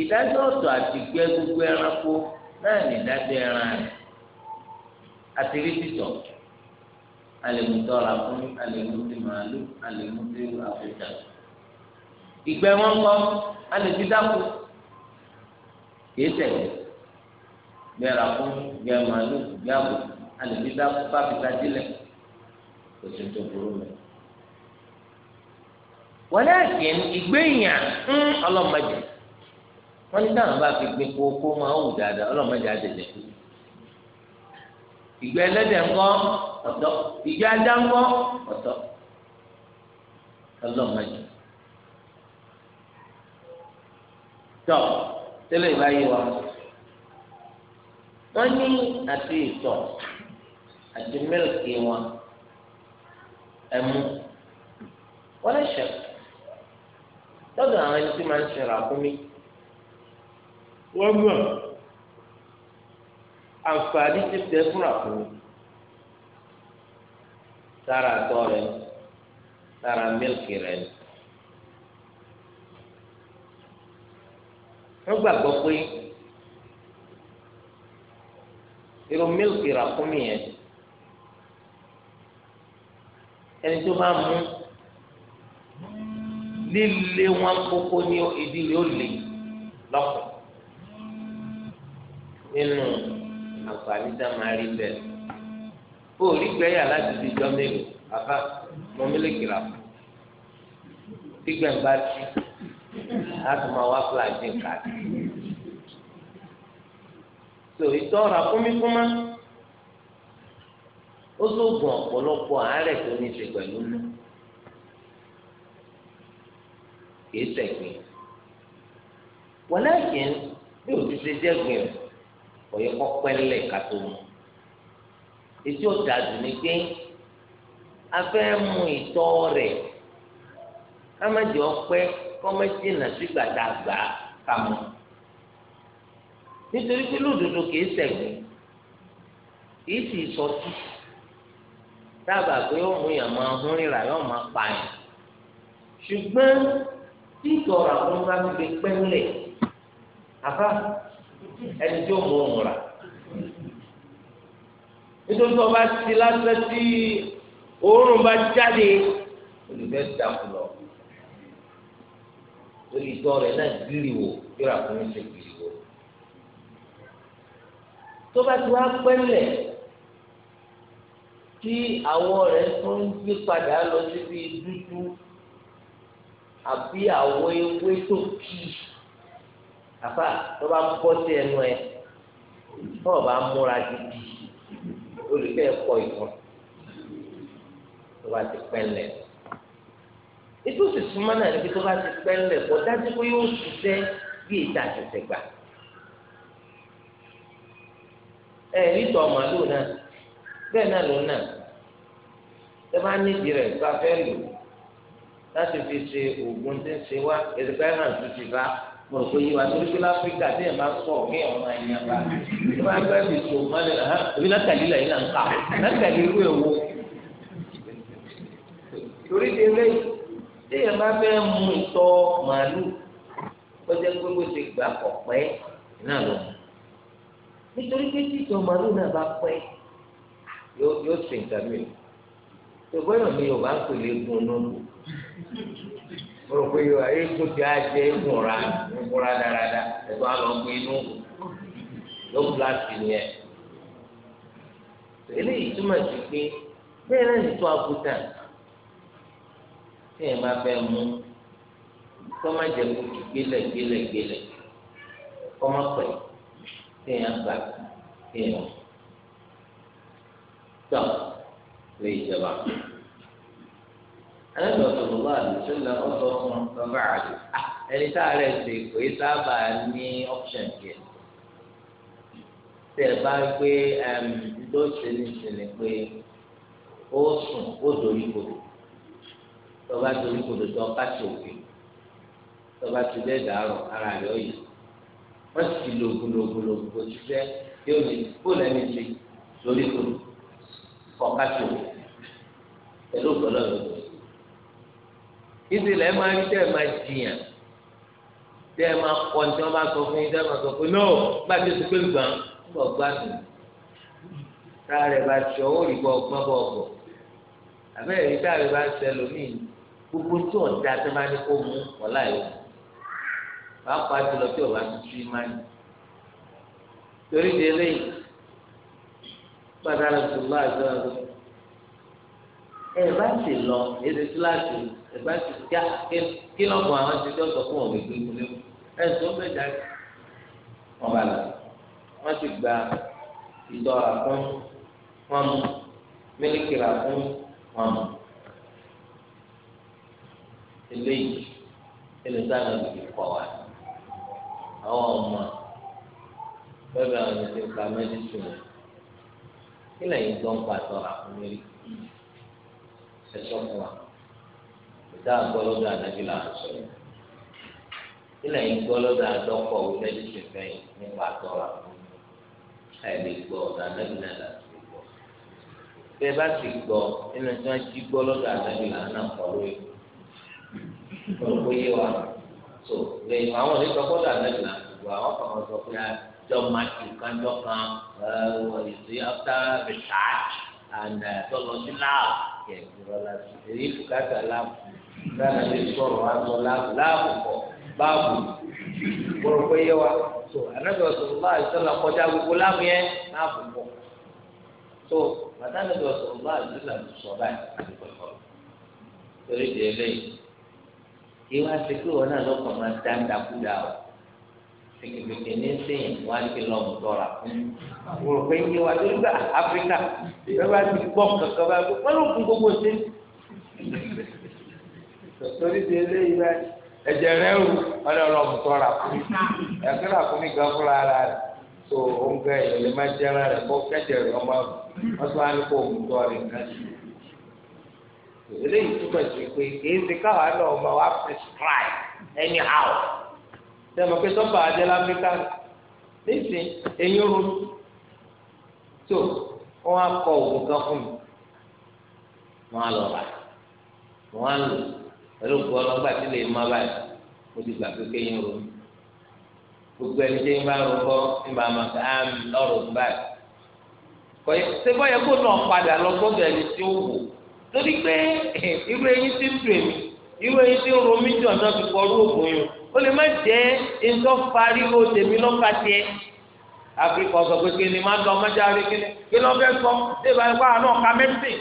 ìdájọ́ ọ̀tọ̀ àti gbẹ́ gbogbo ẹranko náà ní ìdájọ́ ẹran rẹ̀ àti rí títọ̀ alèmùtọ́ra fún alèmùtí màálù alèmùtí àfẹ́jà ìgbẹ́ wọn kọ́ alèmùtí dákú kìí tẹ̀lé bí ẹranko bí ẹmàlú bí àbò alèbí bá fi dájú lẹ kò sí tó burú mẹ. wọlé àti ìgbéyàn ń ọlọ́mọdé wọ́n ní táwọn bá fi gbin kókó máa wù dáadáa ọlọ́mọdé á tẹ̀lé kú. ìgbẹ́ ẹlẹ́dẹ̀ ńkọ́ ọ̀tọ̀ ìgbẹ́ ajá ńkọ́ ọ̀tọ̀ ọlọ́mọdé. tọ́ tẹ́lẹ̀ ìbáyé wa. wọ́n ní àti ìtọ̀ àti mílìkì wọn ẹ̀mú wọ́n lè ṣe lọ́dọ̀ àwọn ẹni tí máa ń ṣe ràkúnmí wọ́n mọ̀ àǹfààní ti tẹ fún ràkúnmí sára àtọ̀ rẹ̀ sára mílìkì wọ́n gbàgbọ́ pé. irú mílìkì ràkúnmí yẹn ẹni tó bá mú líle wọn kókó ní ìdílé ó lè lọkọ nínú àǹfààní tá a máa rí bẹ́ẹ̀ ó rí gbẹyà láti fi jọ mélòó bàbá mọ mílìkì ràkúnmí gbígbẹ̀ ń bá ti láti máa wá fúlàjì káàkiri. tó ìtọ́ ra kúmíkúmá ó sóògùn ọ̀pọ̀lọpọ̀ àárẹ̀ tó ní ṣe pẹ̀lú nù kìí sẹ̀gbìn wọlẹ́gbìn bí òtún ṣe jẹ́gbìn kò yẹ kó ká tó etí ó ní pé a fẹ́ mu ìtọ́ rẹ̀ ká má jẹ́ ọpẹ́ kọ́ má nítorí pé lódodo kìí ṣẹ̀gbẹ́ kìí sì sọtí dábàá pé ó mú yàn máa hún rírà yóò máa pààyàn ṣùgbọ́n tí ìtọ̀rọ̀ àwọn bá ti lè pẹ́ ńlẹ̀ àbá ẹni tí ó mú òun rà nítorí tó bá ti lásán tí òórùn bá jáde olùfẹ́ dàkú lọ lórí ìtọ́ rẹ̀ náà gírì yóò rà fún mi ṣe tó bá ti wá pẹ́lẹ̀ tí àwọ̀ rẹ̀ tún ń gbé padà lọ síbi dúdú àbí àwọ̀ ewé tó kì í àfà tó bá bọ́ sí ẹnu ẹ tó o bá múra gidi olùkẹ́ ẹ̀kọ́ ìwọ̀n tó bá ti pẹ́lẹ̀ ètò ìsúnmọ́ náà níbi tó bá ti pẹ́lẹ̀ kọ́ dájú pé yóò ṣiṣẹ́ bí ìta àtẹ̀tẹ̀ gbà. ẹ ìtọ̀ màálù náà bẹ́ẹ̀ náà ló náà tẹ́ bá nídìí rẹ̀ tó a fẹ́ lò láti fi ṣe oògùn tí ń ṣe wá ẹ̀dẹ̀gbẹ́ náà tún ti bá mo rò pé yíwa torí pé láfíríkà tí ẹ̀ máa sọ̀ kí ẹ̀ máa yan bá tó bá gbẹ́ fi ṣò má lè hàn èmi látàlí lẹ́yìn náà ń kà látàlí irú ẹ̀ wo. torí ti lé tí ẹ̀ bá fẹ́ mú ìtọ̀ màálù ó jẹ́ pé gbà kọ̀ pẹ́ náà lọ́mọ nítorí pé tí ìtọ̀ màálù náà bá pẹ́ yóò sìn tàbí ìgbọ́yọ̀ mi ò bá ń pèlè egun olóńgbò mo rò pé yóò egun ti á jẹ egun ra egun ra dáradára ẹ̀gbọ́n á lọ gbé inú ló gíláàsì yẹn eléyìí túmọ̀ sí pé bẹ́ẹ̀ náà nìtọ́ àbúta tí ẹ̀ máa fẹ́ mú kọ́ má jẹ́ kó gbélẹ̀ gbélẹ̀ gbélẹ̀ kọ́ má pẹ̀lú kéèyàn gbà kéèyàn tọ lè jọba alẹ́sọ̀ sọ̀rọ̀ wá lùsọ̀ lọ ọ̀sọ̀ fún bàbá àlù ah, ẹni tá a rẹ̀ ṣe kò í sábà ní option kìí tẹ bá gbé ndóṣe nísìnyí pé ó sùn ó dorí kodò tọba dorí kodò tó ká sí òkè tọba ti lé dàrọ ara rẹ̀ ó wọ́n sì lo gbólógbóló ojú fẹ́ yóò ní bóòlù ẹni ti lórí kò kọ̀ọ̀kátó pẹ̀lú ògbọ́lọ́ yòókù. ìdílé máa ń tẹ́ máa jiyàn tẹ́ máa kọ́ ní tí wọ́n bá sọ fún yín tẹ́ máa sọ pé náà gbà tó ti pé gbọ̀n gbọ̀ gbádùn. táà rẹ̀ bá ti ọwọ́ ìgbọ́ ọgbọ́n bọ̀ ọ̀bọ̀ àbẹ́rẹ́ táà rẹ̀ bá ti ẹlòmíì gbogbo tí ọ̀dà tó bá ní kó mú ọ̀la pàápàá jùlọ tí o bá ti tú imáni torí de eléyìí pàtàkì àtúntò àjọ àjọ ẹ bá ti lọ èdè kíláàsì ẹ bá ti já kí lọ́gbọ̀n àwọn ti dọ́sọ̀ fún ọ̀gbìn tó kún lẹ́wọ̀ ẹ tó bẹ́ẹ̀ já wọn bá lọ wọn ti gba ìdọ̀ra fún wọn mú mílíkì rà wọn mú eléyìí eléyìí sáà lọ sí kọ́ wa àwọn ọmọ bẹ́ẹ̀ àwọn ẹni tí ń ka mẹ́dísìn kí lẹ́yìn gbọ́ ń pa àtọ́ra fún mi rí ẹ sọ fún wa ìdá àgbọ́lọ́dọ̀ àdájú là ń sọ yìí kí lẹ́yìn gbọ́lọ́dọ̀ àdọ́kọ̀ wọ mẹ́dísìn fẹ́yìn nípa àtọ́ra fún mi ẹ lè gbọ́ ọ̀dà àdájú náà là ti gbọ́ bẹ́ẹ̀ bá ti gbọ́ nínú tí wọ́n jí gbọ́lọ́dọ̀ àdájú là ń nà kọ́ lóyún olùkóyè wa so lè àwọn òní sọkọ dà nẹbi là gbogbo àwọn kọkọ sọ pé jọma ìkànjọ kan ìsì after research and tọlọsí láàbù kẹ ìrọ láti èyí bùkátà láàbù gánà lè sọ̀rọ̀ wá sọ láàbù láàbù kọ báàbù kúrò pé yé wa so anabi ọsọrọ bá àìsàn kọjá gbogbo láàbù yẹn láàbù kọ so bàtà anabi ọsọrọ bá àìsàn sọ báyìí torí di eléyìí ìwà ṣe pé wọn náà lọkọ máa dá dákúdá o pèkèpèkè ní sèyìn wọn á ti lọ mú tọra fún un rò pé yé wa lórí gbà áfíríkà bẹ́ẹ̀ bá ti gbọ́ kankan bá gbọ́ pẹ̀lú òkun gbogbo ṣe torí ti eléyìí rẹ ẹ̀jẹ̀ rẹ rù wọn lọ mú tọra fún un ẹgbẹ́ náà fún mi gan fúnra rẹ tó oúnjẹ ìrẹ̀lẹ̀ máa jẹ ara rẹ kó kẹjẹ rẹ ọmọ rẹ wọn ní kó òkun tọrin kan sí i. eléyìí túmọ̀ sí pé kìí ṣe káwa náà ọmọ wa prescribe anyhow sẹ́mi pé sọ́ba adé lamẹ́ríkà nísìn eyín ro tó wọ́n á kọ òògùn kan fún mi wọ́n á lọ rà wọ́n á lò pẹ̀lú ọlọ́gbà tí lè má báyìí mo ti gbà pé gbogbo ẹni tí ń bá ro kọ́ ń bá ma ká lọ́rùn báyìí kọ́ ṣé bọ́ kó náà padà lọ torí pé eh, irú eyín ti ń dùn èmi irú eyín ti ń ro mí jù ọ̀nà fi kọrú òògùn yìí ó lè má jẹ́ ẹjọ́ fariwo tèmi lọ́ka tiẹ̀ àfikọ̀ sọ pé kí ni má lọ ọmọdé arí kí ni kí lọ́ fẹ́ sọ ṣé ìbá ẹ̀kọ́ àná ọ̀ka mẹ́sìn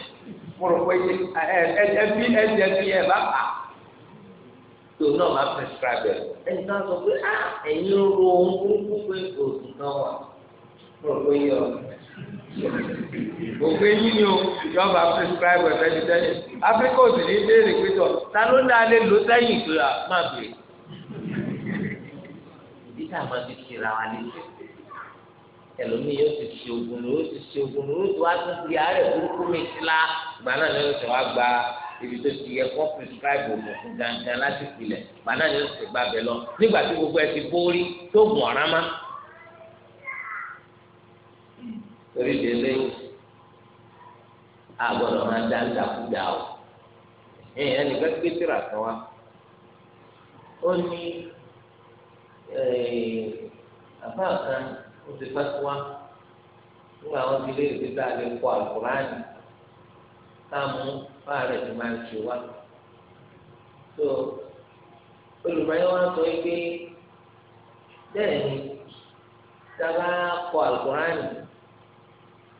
mo rò pé ẹbí ẹbí ẹbí ẹ bá kà tó náà má prescribe ẹ ẹni náà sọ pé ah, ẹ̀yin ro ohun burúkú pé òògùn náà wà mo rò pé yẹ ọ̀rọ̀ gbogbo eyín ni o yọba prescribe ẹ̀fẹ́ ti tẹ́lẹ̀ áfíríkà òsì ní béèrè pé tọ̀ ta ló ń dá lé lò sẹ́yìn ìgbéra má bèrè. títà máa ti ṣe ra wa létí ẹlòmíì yóò ti ṣe ti ṣe wá tún fi àárẹ̀ burúkú mi náà ni yóò ti wá gba ibi tó ti yẹ kó prescribe fún láti pilẹ̀ náà ti gbà lọ nígbà tí gbogbo ẹ ti torí délé àgbọ̀dọ̀ máa dá ìdàkúdà o ẹ̀yìn ẹnìkan gbé tìrà kan wá ó ní eh, àbá kan ó ti fásitì nígbà wọn fi lé ìdí tá a lè kọ àlùkùránì káàmú fáàrẹ̀ tó máa ń ṣe wá tó olùmọ̀yẹ́ wọn sọ pé bẹ́ẹ̀ ni tá kọ àlùkùránì.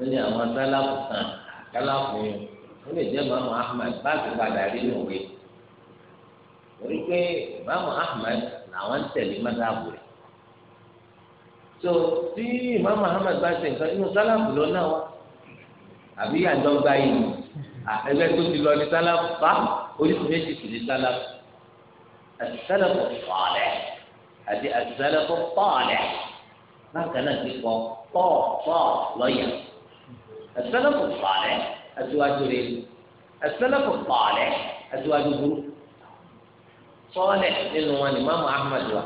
ó ní àwọn sálàfù kan àkálàfù yẹn ó lè jẹ́ màmú ahmed báàgì padà rí nùwé torí pé màmú ahmed làwọn tẹ̀lé mọ́tàbù rẹ̀ so tí màmú ahmed bá ṣe nǹkan inú sálàfù lọ náà wá àbí àjọgbá yìí ẹgbẹ́ tó ti lọ ní sálàfù bá oríṣi méjì sì ní sálàfù àti sálàfù àti àti sálàfù bákan náà ti kọ pọ̀ pọ̀ lọ́yà as-salafu salih aṣíwájú rẹ̀ as-salafu salih aṣíwájú burú sọ́ọ̀lẹ̀ nínú wọn ni Imam Ahmad wà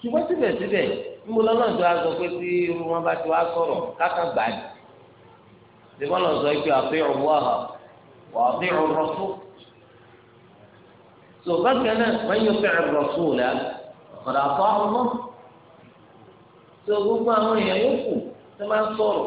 ṣùgbọ́n síbẹ̀síbẹ̀ níbo lọ́nà tó a sọ pé tí irú wọn bá ti wá sọ̀rọ̀ kákan gbà ní ṣùgbọ́n lọ́nà sọ pé ati'u Allah wa ati'u ar-rasul so bákan náà wọn yóò fẹ́ rọ̀sùn la ọ̀dà àtọ́ àwọn náà so gbogbo àwọn èèyàn yóò kù tó máa ń sọ̀rọ̀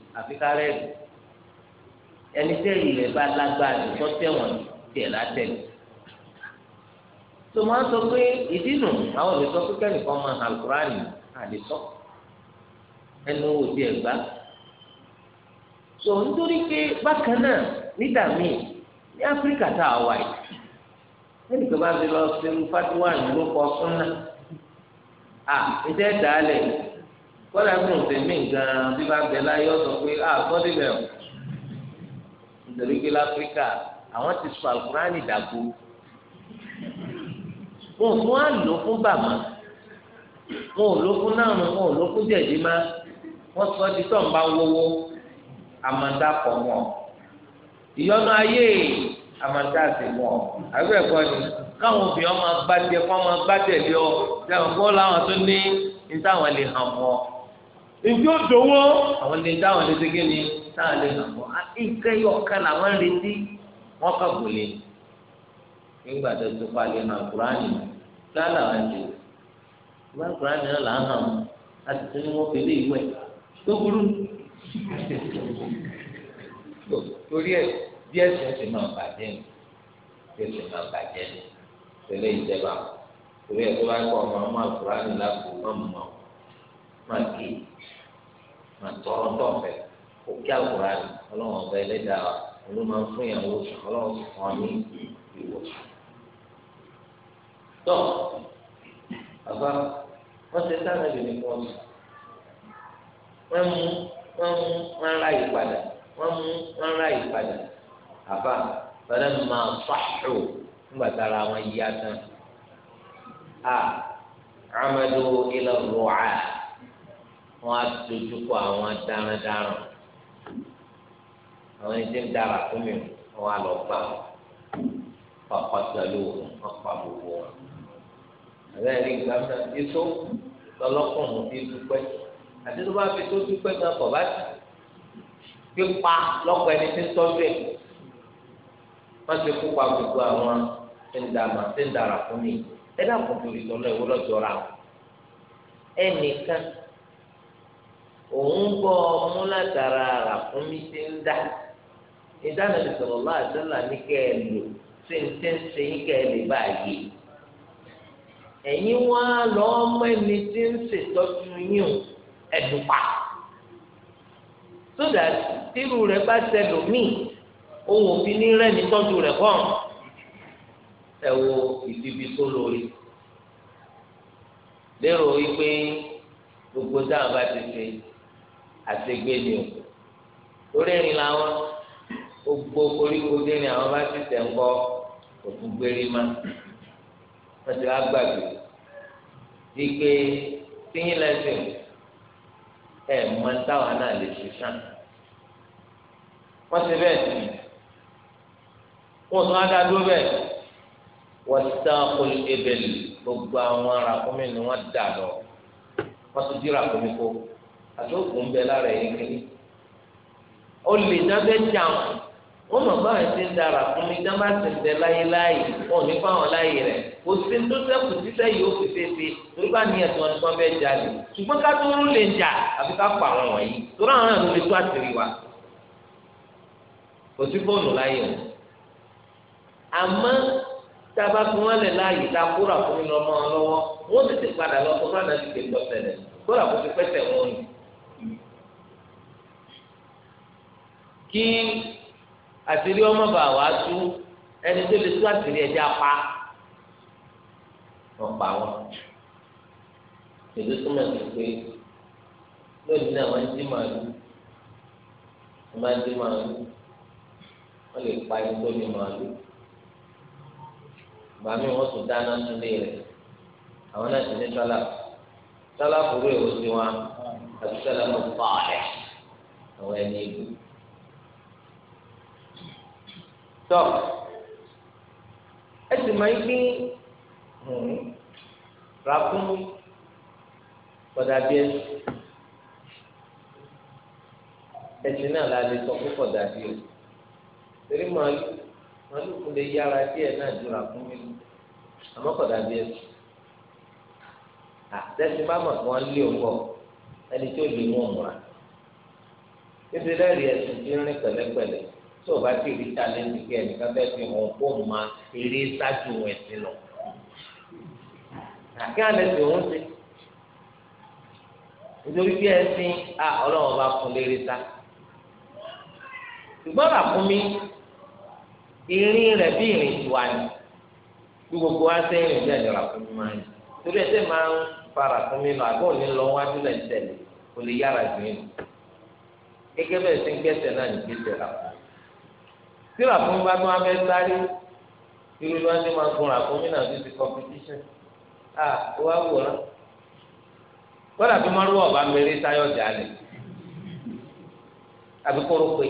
àfi kárẹ́ ẹ̀dùn ẹni tẹ́rù rẹ̀ bá lágbára tó tẹ̀wọ̀n tiẹ̀ látẹ̀lẹ̀ tó máa ń sọ pé ìdínú àwọn òbí sọ pé kẹ́nìkan máa hàn kúránì àdìsọ́ ẹnu wò tiẹ̀ gbá tó nítorí pé bákan náà nígbà míì ní áfíríkà tá a wà yìí ẹnì kan bá ti lọ sí fatiwa ìlú kọ súnà à ìjẹ́ ìdálẹ̀ yìí kọ́lá ẹ̀kún tèmi gan-an bí bá bẹ láyé ọ̀sán pé a ah, kọ́ débẹ̀ o nítorí pé láfíríkà àwọn ti sọ àlùkùránì dàgbò wọn ò tún á lò fún bàmá wọn ò lò fún náà wọn ò lò fún jẹ̀dí má wọ́n sọ di tó ń bá wọ́wọ́ amanda kọ̀ wọ́n ìyọnu ayé amanda sì wọ́n àgbẹ̀ ẹ̀kọ́ ni káwọn obìnrin ọmọ agbátẹ kọ́ ọmọ agbátẹ lé ọ sẹ́wọ̀n kó láwọn tó ní ní táwọn lè hàn mọ́ ọ njẹ́ ó dùn wọ́n. àwọn lè dáhùn lè dégé ni táwọn lè nà bọ́ ike yọ kan làwọn ń retí wọ́n kà kò lè nígbà tó tó pa lè nà kúránì ká làwọn ń jẹ ìwà kúránì náà là ń hàn wọn láti tó ní wọ́n fi lé ìwẹ̀ tó burú torí ẹ bí ẹsẹ̀ ẹsẹ̀ máa bàjẹ́ ni bí ẹsẹ̀ máa bàjẹ́ ni tẹ́lẹ̀ ìjẹba torí ẹ tó bá kọ́ ọmọ ọmọ àkùránì lápò ọmọ ọmọ máa ké máa tọrọ tọfẹ kò kí àwòrán rẹ ọlọ́run ọba ẹlẹ́dàá olú máa ń fún ìyàwó ọlọ́run sì fún ọ ní ìwòsàn. tọ́ àbá wọ́n ṣe sáré lè ní wọ́n sùn wọ́n mú wọ́n mú wọ́n ra ìpadà wọ́n mú wọ́n ra ìpadà àbá bẹ́ẹ̀ máa fàṣọ nígbà tára wọn yí tán. a amadu ilẹ̀ rọ̀ á wọn á dojú kọ àwọn darandaran àwọn ẹni tí ń dára fún mi wọn á lọ gbà wọn pàpàtà lóhùn wọn pa gbogbo wọn àbẹ ẹni gbàgbà ètò lọlọkùnrin ti dúpẹ́ àti tó bá fi tó dúpẹ́ gan kọ bá ti pípa lọkọ ẹni tí ń tọ́jú ẹ wọn ti kó pa gbogbo àwọn tí ń dára tí ń dára fún mi ẹ dàpọ̀ torí lọ́lọ́ ìwọlọ́jọ́ ra ẹnìkan òun bọ ọmú látara ara fún mi ti ń dá ìdáná lè sọ̀rọ̀ lọ́wọ́ àdúrà ní kẹ́ ẹ lò ṣé ń ṣe ń ṣe yín kẹ́ ẹ lè bá yé ẹ̀yin wá lọ́ọ́ mọ ẹni tí ń ṣètọ́jú yín ẹ̀dùnpá sódà tírú rẹ̀ bá ṣẹlòmíì òun òfin ní rẹ́ni tọ́jú rẹ̀ kọ́ ẹ wo ìdíbi tó lórí lérò wípé gbogbo dáhùn bá ti ṣe àtẹgbẹ́ ni o lórí ẹ̀rìn làwọn gbogbo koríko dẹ́ni àwọn bá ti tẹ̀ ń kọ́ òkú gbérí má wọ́n ti wá gbàgbé wípé tíyín lẹ́sìn ẹ̀ mọ táwọn náà lè ṣe sàn wọ́n ti bẹ́ẹ̀ sí wọ́n tún á dá dúró bẹ́ẹ̀ wọ́n ti tán olú ebèlè gbogbo àwọn arákùnrin ni wọ́n dà lọ wọ́n tún dí ràkúnmí àti oògùn bẹ lára yìí kiri ó lè dábẹ́ jàm ó mọ̀ báwọn ti ń dara fún mi dábà ti ń bẹ láyé láàyè ó ní fáwọn láyè rẹ̀ kò sí tó sẹ́kù títẹ́ yìí ó fi tètè torí bá ní ẹ̀sùn ọ̀nìkan wọn bẹ́ẹ̀ jalè ṣùgbọ́n ká tó ń lè jà àfi ká pa àwọn wọ̀nyí torí àwọn náà ló lè tó àṣírí wa kò sí fóònù láyè o àmọ́ tába fún wọn lè láàyè tá a kóra fún mi lọ́mọ́ wọn lọ́wọ́ wọ́n tètè padà lọ kó fún àná kí àṣírí ọmọ bá wà á tú ẹni tó lè tú àṣírí ẹja pa wọn pa wọn èdè túmọ̀ sí pé lónìí náà wọ́n dín màálù wọ́n máa dín màálù wọ́n lè pa ẹni tó ní màálù bàmí wọn tún dáná sílé rẹ̀ àwọn náà ti ní sálà sálà kúrò èwo sí àti sálà mọ̀ fáàlẹ̀ àwọn ẹni ìlú. tọ́ ẹ sì máa ń gbé ràkúnmí kọ̀dà bí ẹ ẹsìn náà la lè sọ pé kọ̀dà bí o torí màálù màálù kò lè yára díẹ̀ náà ju ràkúnmí lọ àmọ́ kọ̀dà bí ẹ àtẹ́sí bá mọ̀ kí wọ́n lé òun bọ̀ ẹni tó lè mú òun rà níbi lẹ́rìí ẹ̀sìn tí ń rìn pẹ̀lẹ́pẹ̀lẹ́ tó o bá ti rí talẹ́ǹtì kí ẹnìkan fẹ́ fi hàn kó o máa eré ṣáájú wọn ẹ̀sìn lọ. àkíyàn alẹ́ tó ń ṣe nítorí bí ẹ̀sìn a ọlọ́run bá fún léré sá. ṣùgbọ́n ràkúnmí irin rẹ̀ bí irin tiwa ni bí gbogbo wa ṣe ń rìn bí ẹ̀jọ̀ ràkúnmí máa ń yìí torí ẹsẹ̀ máa ń fara fún mi lọ àbọ̀ ní lọ wájú lẹ́sẹ̀ lè kò lè yára gbìn. gẹ́gẹ́ bẹ́ẹ̀ sí ń gbẹ́sẹ̀ náà ní gbẹ́sẹ̀ ràkúnmí tí ràkúnmí bá tó wọn fẹ́ sáré irú ló ń dé máa gun ràkúnmí náà tó ti competition à ó wá wòrán kódà tó máa ń wọ̀ bá mèrè sáyọ̀ jálẹ̀ àbí kóró pé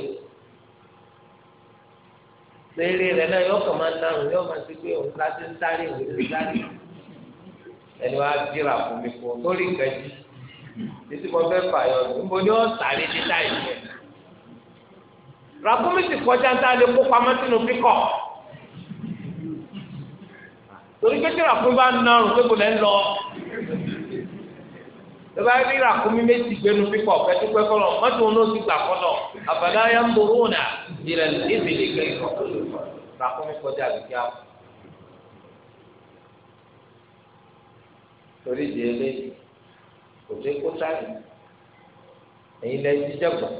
léèrè rẹ náà yóò kàn máa dárò yóò máa ti gbé òun láti ń sáré òun ti sáré ẹni wàá jíra fún mi fún ọ lórí ìgbẹ́jì títí mo fẹ́ fà yọ ọdún níbo ni ó sáré ní táyì yẹn ràkúnmí sì kọjá ń tá a lè kó pamọ́ sínú píkọ̀ torí pé tí ràkúnmí bá ń narùn pé kò lẹ́ ń lọ tọ́ba rí ràkúnmí méjì gbénu pípọ̀ pẹ̀lú pé kọ́lọ̀ mọ́tò ní oṣù gbà kọ́lọ̀ àbàdá ya ń borò nà ìrẹ̀ ìbìlẹ̀ kẹ́kọ̀ọ́ ràkúnmí kọjá àbíkí á. torí di ẹlẹ́yìn kò dé kó sáré ẹ̀yin lẹ́yìn jíjẹ́ gbọ̀n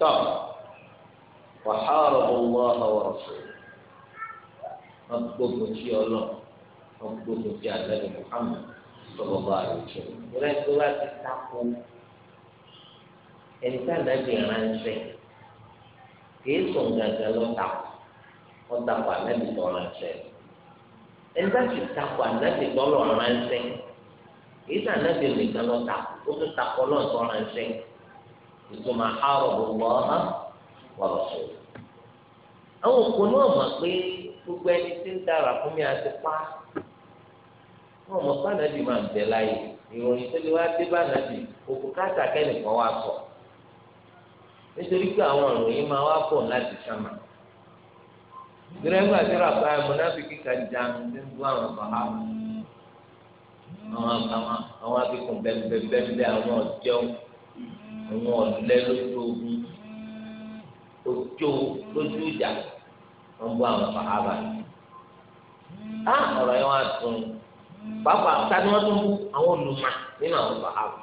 tọ́ wàhálà ọ̀wọ́ ọ̀rọ̀ sọ̀rọ̀ wọ́n gbógun tí ọlọ́ wọ́n gbógun tí àtàlẹ́ Muhammad sọ̀rọ̀ bá a lè ṣe. ìrẹ́ tó bá ti tako ẹni tá a dábì ránṣẹ́ kìí sùn gàgà lọ́ta ọ̀tà pa ànábì tọ́ ránṣẹ́ ẹni tá a ti tako ànábì tọ́ lọ́ ránṣẹ́ kìí sàn ànábì nìkan lọ́ta ó tún tako lọ́ọ̀tọ́ ránṣẹ́. ìtumọ̀ àròbó lọ́ha wọ̀rọ̀ sọ. àwọn òkú náà mọ̀ pé gbogbo ẹni tí ń dára fún mi àti pa wọn mọ̀ pé ànábì máa ń bẹ láyé ìròyìn tó lè wá dé bá ànábì òkú awọn kẹ́nìkan wá sọ nítorí pé àwọn ìròyìn máa wá pọ̀ láti sánmà dírẹ́gbà tí ràbá mọ̀nàfíkì kan àwọn ọ̀lẹ́ lójú ogun lójú ìjà wọn bú àwọn sàhábà yìí. á ọ̀rọ̀ yẹn wá tún pàápàá tani wọ́n tún bú àwọn olùmọ̀ nínú àwọn sàhábà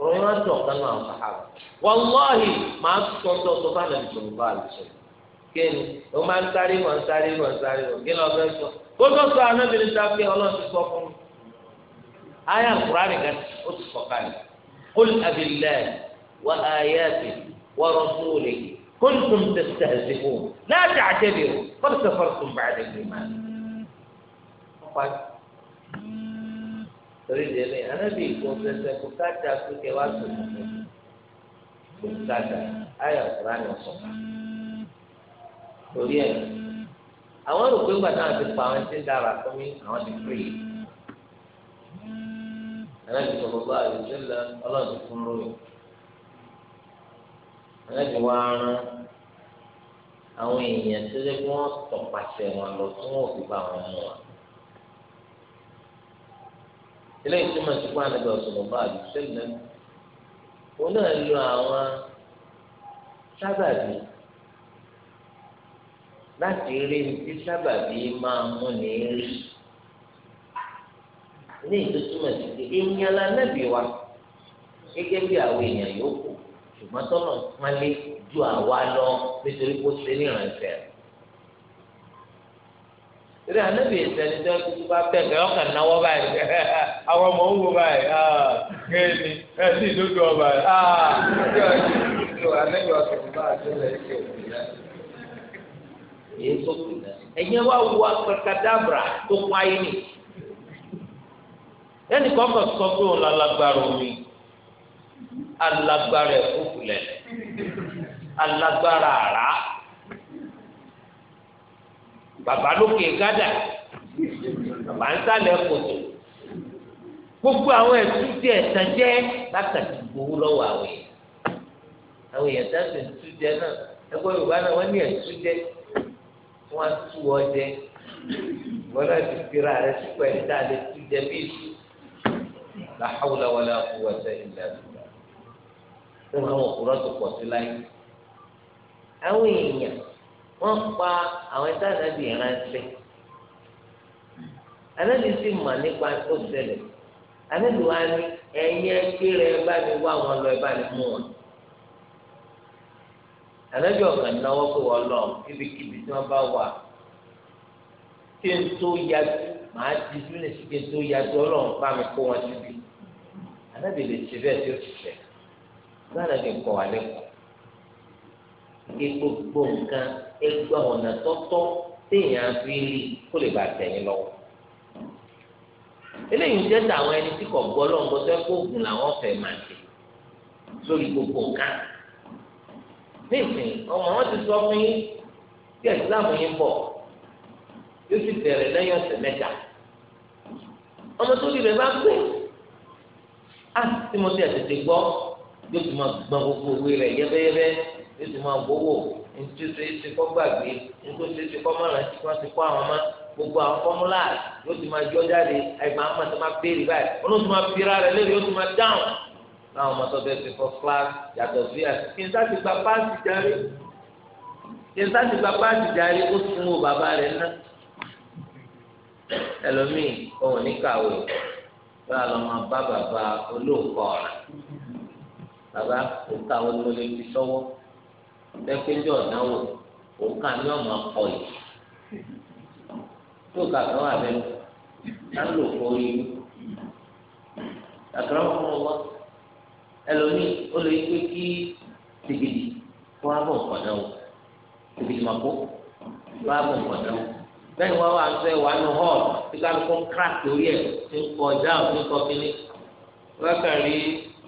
ọ̀rọ̀ yẹn wá tún ọ̀kan nínú àwọn sàhábà. wàláhì màá sọ ọ́ sọ́ọ́ bá nàbì sọ̀rọ̀ bá àlùsọ kéènì máa ń sáré wọn sáré wọn sáré wọn sọ kó tó sọ anábìrin sọ fún ayé àkùrá قل أبي الله وآياته ورسوله كنتم تستهزئون لا تعتذروا قد كفرتم بعد الإيمان قال torí ìdílé anábì ìfowópamẹ́sẹ̀ kò káàdà sókè wá sókè kò káàdà ayọ̀ kúránì ọ̀sọ̀ká torí ẹ̀ àwọn rò pé gbàdá àti pa àwọn tí ń dára fún mi àwọn ti pè é anábì sọ̀rọ̀ bá àdìsẹ́lẹ̀ ọlọ́ọ̀dún fún lóyún anábì wá rán àwọn èèyàn tó lé kí wọ́n tọ̀pasẹ̀ wọn lọ tí wọ́n fi bá wọn mú wa. ilé ìtumọ̀ sí fún anábì sọ̀rọ̀ bá àdìsẹ́lẹ̀ òun náà lo àwọn sábàbí láti rí tí sábàbí máa mú ní rí ní ìtútúmọ̀ sí èèyàn la nẹ́bì wa gẹ́gẹ́ bí àwọn èèyàn yòókù ṣùgbọ́n tọ́nà pálí ju àwa lọ nítorí kó ṣe ní ìrànṣẹ́ torí ànábì ìsẹ̀ni tó ti bá bẹ̀rẹ̀ ọkàn náwó báyìí àwọn ọmọ ń wo báyìí ah, gẹ́ẹ̀ni ẹ̀sìn ìdókè ọba yìí kí ọ̀sìn ìdókè ànábì ọ̀sìn bá àtúnlẹ̀ ṣe òkè èyí tó kù náà ẹ̀yin wá wo akpẹ̀kadàbra tó pa yín nìyí ẹnì kan kàn sọ pé òun lálágbára omi alágbára ẹ̀kúkulẹ̀ alágbára àrá bàbá lókè gádà bàbá ń sálẹ̀ kòtò gbogbo àwọn ẹ̀sùn tí ẹ̀sán jẹ́ látàkì gbowó lọ́wọ́ àwẹ̀ àwọn èèyàn tá a sì ń tú jẹ náà ẹgbẹ́ yorùbá náà wọ́n ní ẹ̀sùn jẹ wọ́n á tú ọ jẹ wọ́n náà ti fi ra sípò ẹ̀dá lè jẹ bí la hawla wala quwwata illa billah tó máa wọ̀ kúrọ́ tó pọ̀ sí láyé. àwọn èèyàn wọ́n pa àwọn ẹ̀dá ànábì ránṣẹ́ ànábì sì mà nípa tó ṣẹlẹ̀ ànábì wa ní ẹ̀yìn ẹgbẹ́rẹ́ ẹ bá mi wá wọn lọ ẹ bá mi mú wọn. ànábì ọ̀gàn náwó pé wọ́n lọ kíbikíbi tí wọ́n bá wà kí n tó yájú màá ti dúró sí kí n tó yájú ọlọ́run bá mi kó wọn síbi ànábì lè ṣe bẹ́ẹ̀ tí ó ti fẹ́ lára ní nǹkan wà lẹ́kọ̀ọ́ kí gbogbo nǹkan ẹgbẹ́ ọ̀nà tọ́tọ́ téèyàn fi rí kó lè bàa tẹ̀yìn lọ́wọ́ eléyìí ń jẹ́ tàwọn ẹni tí kò gbọ́ lọ́ngbọ́n tó ẹ̀kọ́ òògùn làwọn fẹ́ máa ṣe lórí gbogbo nǹkan nísìnyí ọmọ wọn ti sọ fún yín bí ẹ̀sìlámù yín bọ̀ yóò sì bẹ̀rẹ̀ lẹ́yìn ọ̀sẹ̀ mẹ́ta ọmọ tó rí rẹ̀ bá gbé á ah, tí mo ti àtẹ̀tẹ̀ gbọ́ yóò ti máa gbọ́n gbogbo òwe rẹ̀ yẹ́bẹ́yẹ́bẹ́ yóò ti máa gbowó nítorí ṣe é ṣe kọ́ gbàgbé nítorí ṣe é ṣe kọ́ mọ̀ràn tí wọ́n ti kọ́ àwọn máa gbogbo àwọn fọmúlà yóò ti máa yọ jáde àìmọ àwọn ọmọ tó máa béèrè báyìí wọn ló ti máa fira rẹ lórí yóò ti máa dáhùn láwọn ọmọ tó bẹ fi fọ class yàtọ̀ sí ti gba páàsì járe kí ti gba páàsì járe ó sún wo bàbá ná ẹlòmíì òun ní kàwé bá a lọ máa bá bàbá olóòkọ ọ̀rẹ́ bàbá òǹkà wo ló lè fi sọ́wọ́ lẹ́gbẹ́jọ́ ọ̀dánwò òǹkà ni ọ̀ máa pọ̀ yìí tó kà kọ́ àbẹ lálò fòrí àkàrà fún ọwọ́ ẹlòmíì ó lè pé kí tìgìdì kó abọ̀ nǹkan náà tìgìdì máa kó bá abọ̀ nǹkan náà lẹ́yìn wọn wà sọ ẹwà nù hall tí kálukú crack lórí ẹ̀ tí ń kọ dáhùn tí ń kọ kíní. látàrí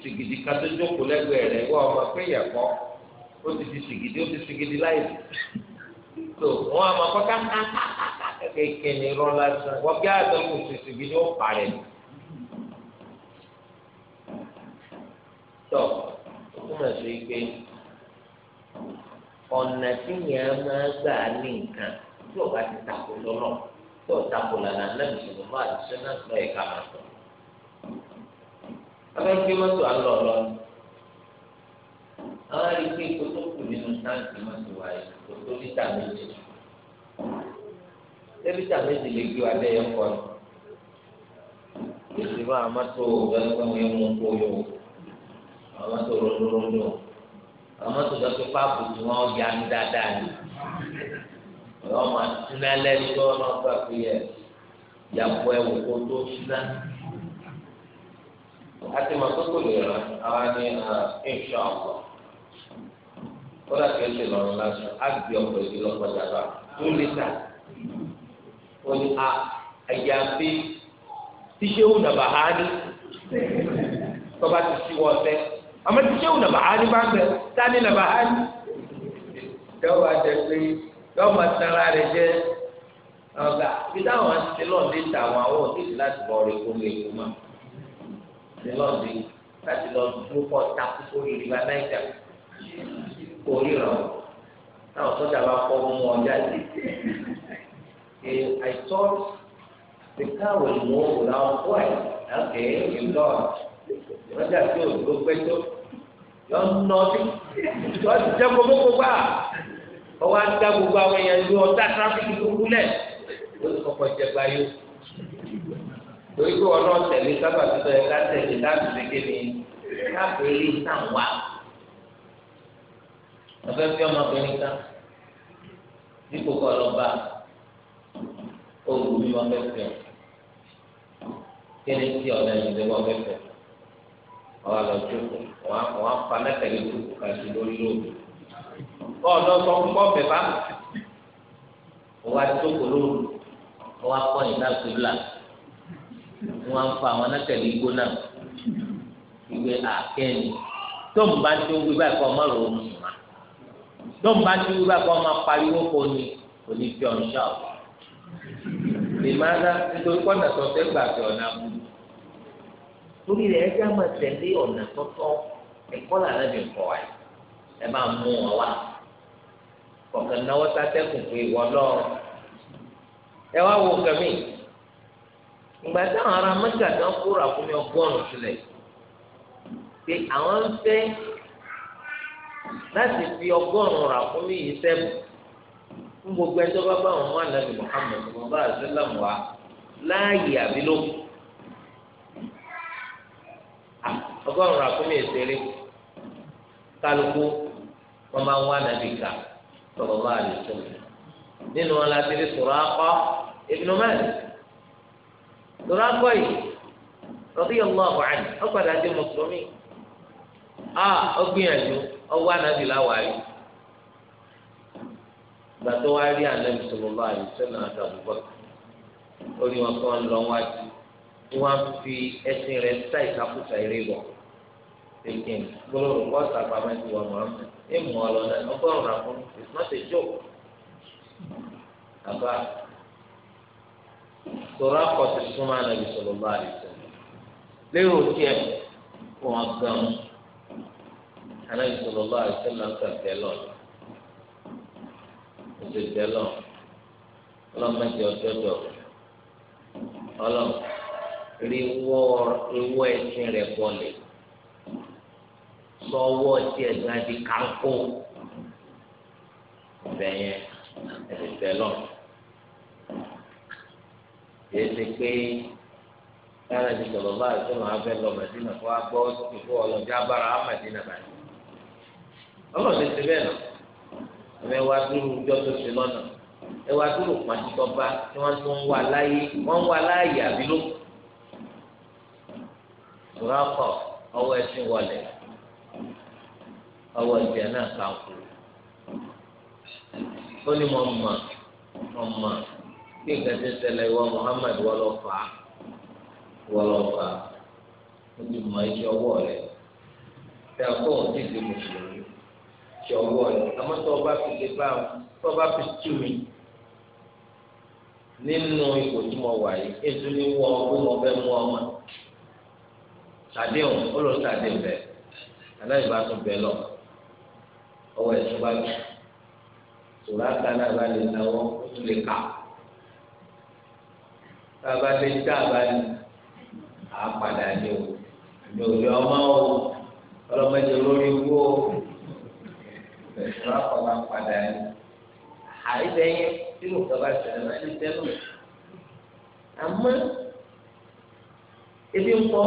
sìgìdì kan tó jókòó lẹ́gbẹ̀ẹ́ rẹ̀ wọ́n ọmọ pé ìyàpọ̀ ó ti di sìgìdì ó ti sìgìdì láì tó wọn àmọ́ kọ́ káàkiri kéèké ni irọ́ lásán wọ́n bí àtọ́ kò sìgìdì ó parẹ́ tọ́ ó túmọ̀ pé ọ̀nà tí yẹn máa gbà ní nǹkan tí ọba ti tako lọ́nà tí ọ̀ tako lànà lẹ́nu ìṣẹ̀lẹ̀ máa ti ṣẹ́ náà lọ́ọ́ ẹ̀ka máa tọ̀. abẹ́ gbé mọ́tò alọ́ lọ àwọn ẹni pé epo tó kù nínú táǹkì mọ́tò wa yìí kò tó lítà méjì lítà méjì lè gbé wa dé ẹ̀kọ́ ni èsì máa mọ́tò gbẹ́gbẹ́wé mú kó yọ àwọn mọ́tò ròndòròndò àwọn mọ́tò dọ́kítà pààbò tí wọ́n yá ní dáadáa yìí ọ̀rọ̀ ọmọ àtúná lẹ́nu tó ọ̀nà ọgbà fi yẹ yàgò ẹ̀wò kó tó ṣúná. àti màá kókò lè rà àwa ní ìṣọ àpò kódà kìí ṣe lọ́rùn lásán á gbé ọkọ̀ ìdí lọ́kọ̀ dàgbà tó lítà ó ní a àyàfi tíṣéwù nàbàhá ní tọ́ba ti ṣíwọ́ ọ̀tẹ́ àmọ́ tíṣéwù nàbàhá ní bá ń bẹ̀ tani nàbàhá ní. ìjọba jẹ pé yọọ ma tara rẹ jẹ ọgá ìdá àwọn ti lọ́ọ̀dé ta àwọn àwọn òdìdí láti bọ̀ ọ̀rẹ́ kó lè kó mọ̀ ti lọ́ọ̀dé láti lọ dúró kọ́ takú kó lè rí ba náírà kó ríran náà sọ́jà bá kọ́ mú ọjà dé. I thought the car will move now twice. Okay, you lost. Lọ́jà tí o ló pẹ́ tó yọ ń nọ́ sí. Wọ́n ti jẹ́ gbogbo gbogbo à ọwọ́ adá gbogbo àwọn èèyàn lu ọ̀tá tráfíkì gbogbo lẹ̀ ó ti kọ́kọ́ jẹ gbayó torí pé wọn náà tẹ̀lé sábà tuntun yẹn ká tẹ̀lé láti ṣèké ni láti rí sàn wá wọn fẹ́ fi ọmọbìnrin kan dípò kọ́ lọ bá oògùn mi wọn fẹ́ fi ọ kí ni tí ọ̀nà ìdílé wọn fẹ́ fi ọ wọn wọn fa mẹ́tẹ̀lẹ́ jókòó kan sí lórí lóògùn bọ́ọ̀lù ọ̀sọ́ fún bọ́ọ̀bẹ̀ bá wọ́n wá tó kòlóòrò wọ́n wá kọ́ ìdá kébìlà wọ́n wá ń fa àwọn anákẹ́lẹ́ igbó náà ìwé àkẹ́ni tó ń bá tó wí báyìí kọ́ ọmọ rò ó mùsùlùmá tó ń bá tó wí báyìí kọ́ ọmọ pariwo kò ní òní fi ọ̀n ṣá o lè má dá nítorí pọ́nà tó fẹ́ gbà fi ọ̀nà mú torí rẹ̀ ẹ já máa tẹ̀lé ọ̀nà tó ẹ̀kọ́ làlẹ́ mi kọ̀ wáyé ẹ máa mú wọn wá kọ̀ọ̀kan náwó sátẹ́kùn pé ìwọ lọ́ọ̀ ẹ wá wo kẹ́mi ìgbà táwọn ará mẹ́ta tán kúrò àkúnmí ọgọ́rùn-ún sílẹ̀ pé àwọn ń fẹ́ láti fi ọgọ́rùn-ún rà fún mi yìí sẹ́mu fún gbogbo ẹjọ́ bá bá wọn mú ànábì Muhammad mọ̀bá àṣẹlẹ̀m wá láàyè àbí ló ọgọ́rùn-ún rà fún mi yìí sẹ́rẹ́ kálukú wọn máa ń wá ànábì kà sallallahu alaihi wasallam nínú wọn la ti rí Suraqa ibn Malik Suraqa yìí radiyallahu anhu ó padà di mùsùlùmí a ó gbìyànjú ọwọ́ ànábì láwàárí ìgbà tó wá rí ànábì sallallahu alaihi wasallam àti Abubakar ó ní wọn kọ́ ń lọ wájú ni wọ́n fi ẹsìn rẹ̀ sáì kápùsà eré bọ̀ thinking gbólóhùn what's up about you ọmọ ọmọ ẹ mú ọ lọ náà ọgọ́rùn àpò it's not a joke àbá sọ̀rọ̀ akọ̀tì súnmọ́ ànábì sọ̀rọ̀ bá àdì sọ lérò tiẹ̀ wọ́n gan ànábì sọ̀rọ̀ bá àdì sọ̀rọ̀ náà kà bẹ́ẹ̀ lọ oṣù bẹ́ẹ̀ lọ ọlọ́mọdé ọjọ́ dọ̀ ọlọ́m rí wọ́ ewọ́ ẹ̀sìn rẹ̀ bọ́ọ̀lì. sọ́wọ́ tiẹ̀ gan di kánkó ọbẹ̀ yẹn ẹ̀sìn tẹ́lọ̀ ebe ṣe pé ebe ti sọ̀rọ̀ báyìí tó máa fẹ́ lọ màdínà kó a gbọ́ ìfọ ọlọ́jà bára á màdínà báyìí ọlọ́ọ̀dẹ ti bẹ́ẹ̀ náà ẹ wá dúró ọjọ́ tó ṣe lọ́nà ẹ dúró pàṣípọ̀ba tí wọ́n tún wà láyé wọ́n ọwọ́ ìgbẹ náà kà kú ó ní mo mọ mo mọ kí nǹkan ti ìwọ Muhammad fà á fà á ó òun ti di mùsùlùmí àmọ́ tó o bá fi lè bá tó o bá fi tú mi nínú ipò tí mo wà yìí ètò ni wọ́n mo fẹ́ aláìní bá tún bẹ́ẹ̀ lọ ọwọ́ ẹ̀ tún bá jù sòrá kaná bá lè náwó ó tún lè kà tá a bá lè tá a bá lè à á padà ní o ní òde ọmọ o ọlọ́mọdé lórí wó o ìṣòro àkọ́bá padà ní àìsẹ̀ yẹn tí mo kọ́ bá ṣẹlẹ̀ máa ń tẹ́lẹ̀ àmọ́ ebi ń pọ́.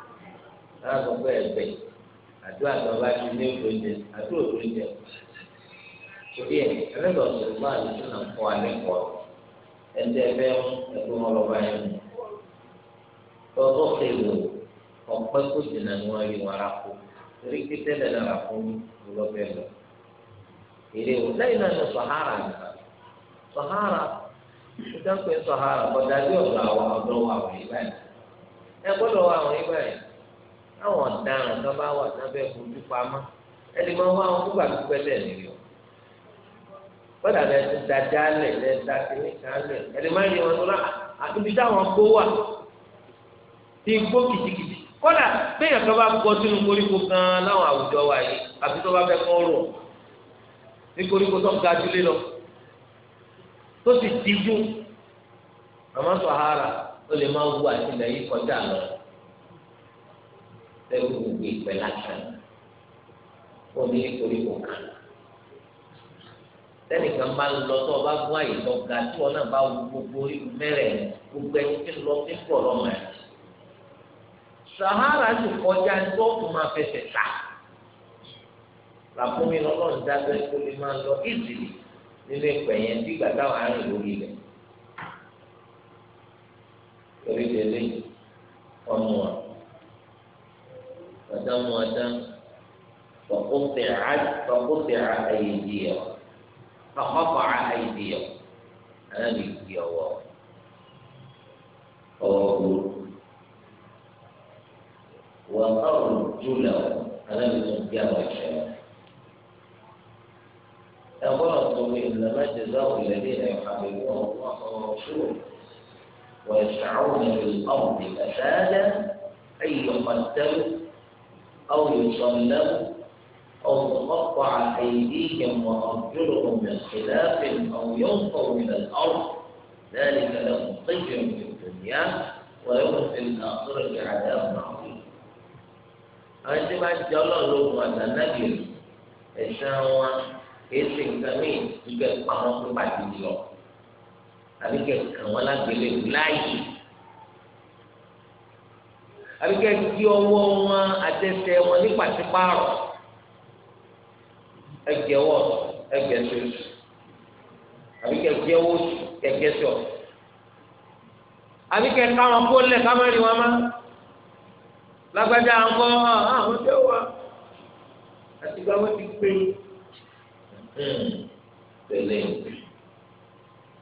láàbọ̀ pé ẹ̀bẹ̀ àdúrà tó ti ní òdo jẹ àdúrà torí ẹ ẹlẹ́dọ̀ sọ̀rọ̀ máa ní sọ̀nà fún wa lẹ́kọ̀ọ́ ẹ̀dẹ́ ẹ̀fẹ́ ẹ̀kọ́ wọn lọ́ba yẹn mu tọ́tọ́ kéwò ọ̀pẹ́ kò wọn torí náà lọ. èrè wò náà ní sahara nìkan sahara sahara bí ọ̀dọ̀ àwọn ọ̀dọ́ ẹ gbọ́dọ̀ táwọn ọ̀daràn tó bá wà lábẹ́ fojú pamọ́ ẹni máa wá wọn kúgbà pípẹ́ nìyí o kódà bẹ́ẹ̀ ti da jálẹ̀ da ẹni máa yẹ wọn lọ́la àtúbí táwọn wà ti gbó kìtìkìtì bá gbọ́ sínú koríko láwọn àwùjọ wa yìí àbí tó ga lọ tó sì àmọ́ sọ̀hárà ó lè máa wú àtìlẹ́yìn kọjá sẹ́yìn gbogbo ìpẹ́ lásán wọ́n ní koríko kan sẹ́nìkan bá ń lọ tó o bá gbọ́ àyè tó ga tí wọ́n náà bá wù gbogbo mẹ́rẹ̀ gbogbo ẹni tí lọ sí pọ̀ lọ́mọ ẹ̀ Sahara ti kọjá tó kù máa fẹsẹ̀ ta làkúnmí lọ́lọ́run dájọ́ kó lè máa lọ ìdìlì nínú ìpẹ́ yẹn bí gbàgbá wàá rìn lórí rẹ̀ torí tẹ̀lé ọmọ wa. فسمت فقطعت فقطع أيديهم فقطع أيديهم أنا بيجي الله وأرجلهم أنا بيجي الله أمرتم إنما جزاء الذين يحاربون الله ورسوله ويسعون في الأرض فسادا أن يقتلوا أو يصلبوا أو تقطع أيديهم وأرجلهم من خلاف أو ينفوا من الأرض ذلك لهم خزي في الدنيا ويوم في الآخرة عذاب عظيم. أنت ما شاء الله لهم هذا النبي إسلام èsì nǹkan mi ìgbẹ́ pàmò tó اليوم. أنا àbí kẹ̀kẹ́ àbí kẹ́ ẹ di ọwọ́ wọn àtẹsẹ̀ wọn ní pàṣípààrọ̀ ẹgbẹ́ wọ ẹgbẹ́ tó àbí kẹ́ ẹ di ọwọ́ kẹ̀kẹ́ tó àbí kẹ́ ẹ ká wọn kó lẹ̀ ká má rí wọn má lágbájá ńkọ́ ah, ah, àwọn tẹ́ wà àti gbàgbọ́ ti pé hmm. tẹ̀lé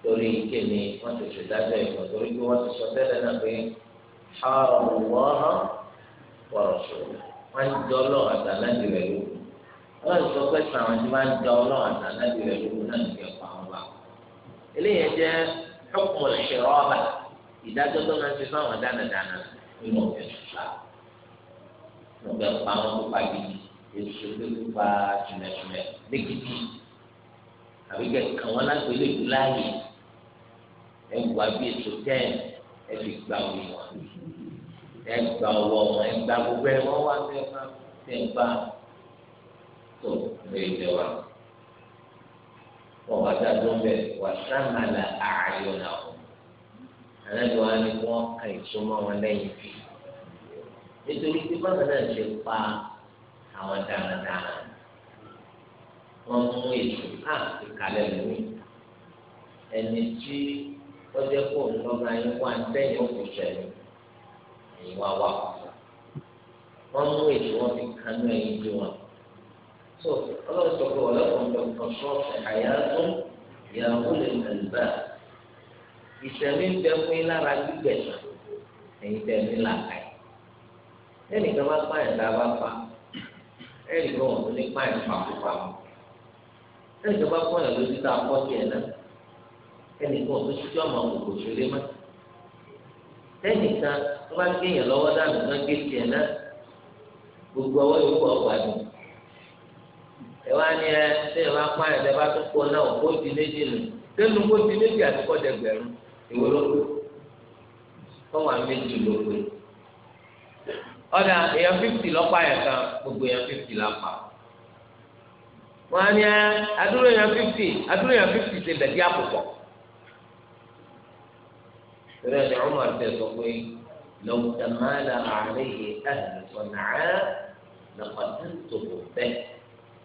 torí kíni wọ́n ti ṣèdájọ́ ìmọ̀ torí pé wọ́n ti sọ tẹ́lẹ̀ náà pé xaaruwaaha wàrọ̀sọ̀rọ̀ wọ́n ń jọ ọlọ́run àti aláǹdì rẹ̀ ló wọ́n ń sọ pé sàwọn tí wọ́n ń jọ ọlọ́run àti aláǹdì rẹ̀ ló náà ń kẹ́kọ̀ọ́ àwọn bá eléyìí jẹ́ xukumul xirọ́ba ìdájọ́ tó máa ń fi fáwọn dánadáná nínú ọ̀gbẹ́ nípa ọ̀gbẹ́ pa wọn tó pa gidi èso tó tó pa jùmẹ̀jùmẹ̀ lẹ́gidi àbí kẹ̀kẹ́ wọn lágbèlè ìlú láàyè ẹ̀ ẹ lè gba òye wọn ẹ gba ọwọ́ wọn ẹ gba gbogbo ẹ wọn wá sí ẹgbà tẹ ń bá tó lè jẹ wa wọn wá dá tó ń wà sàmàlà ààyò náà àlejò wa ni wọn ka ìsúnmọ́ wọn lẹ́yìn fi nítorí pé bákan náà ṣe pa àwọn dáradára wọn mú ètò náà ah, fi lórí ẹni tí lọ́jọ́ kó ń lọ́ba yín wá ń tẹ̀yìn òkú sẹ́yìn ẹ̀yìn wá wà kọ́sà wọ́n mú èdè wọn fi kánú ẹ̀yìn bí wọn. tó ọlọ́run sọ pé ọlọ́run lọ kàn sọ́ọ̀fù àyà tó ìyàwó lè nàìjíríà ìṣẹ̀mí ń bẹ fún yín lára gbígbẹ̀sà ẹ̀yìn tẹ̀ ní làkàì. lẹ́nu ìjọba pààyàn tá a bá pa ẹ̀rì kan ò ní pààyàn pàpọ̀ pàpọ̀ lẹ́nu ìjọba pààyàn lójú tá a pọ̀ sí ẹ̀ náà. ẹnìkan ò tó ti tí ọmọ òkòkò tó mọ́ tẹnìkan tó bá gé yẹn lọ́wọ́ dànù náà gé tiẹ̀ náà gbogbo ọwọ́ yòókù ọgbà dùn ẹ wá ní ẹ ṣé ẹ pa ẹ lẹ bá tó kó náà òkú di méjì nù sẹ́nu di méjì ìwé ló pé méjì ló pé ọ̀dà èèyàn lọ́pàá yẹn kan gbogbo èèyàn la pa wọ́n á ní ترى عمر تقول لو تمال عليه أهل صنعاء لقتلته به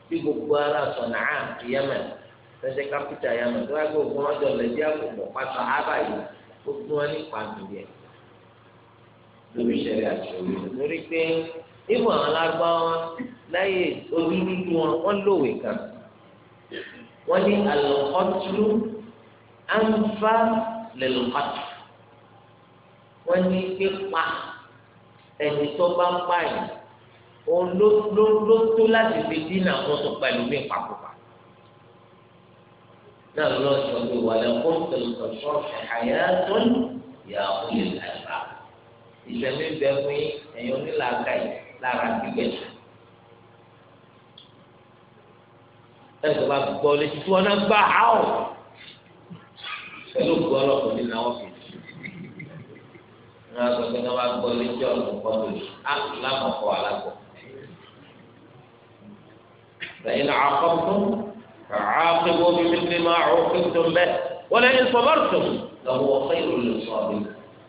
في بكبارة صنعاء في يمن فإذا كابتا يمن تقول لكم هذا الذي يقوم وصحابة يقولون قانونية lórí ìṣẹ̀lẹ̀ àṣọyé lórí pé ibò àwọn alágbáwá láyé orí nínú wọn wọn lòwe kan wọn ní alọ́kọ́tù wọ́n ní pípa ẹni tó bá ń pààyàn òun ló tó láti fi dínà wọn tó pẹ̀lú mi pàkópa. náà lọ sọ pé wàlẹ̀ fún tòlùtòlù ẹ̀háyà tó ń yà ó làbà. ìṣẹ̀mí bẹ fún ẹ̀yàn onílàákà yìí lára gbígbẹ̀sẹ̀. ẹni tó bá gbọ́ létí tí wọ́n náà gbà á ọ̀ pẹ̀lú gbọ́ ọlọ́kùnrin náà fi ní wọn sọ pé ní wọn bá gbọ́ ilé tí ọdún kan lò yìí á lámọkọ alágbọ. lẹ́yìn náà akọkùn àákébó bíbí ní máa ọkùn tó mbẹ wọn lẹ́yìn sọmọtò lọ́wọ́ ọkọ ìlú lè sọ mi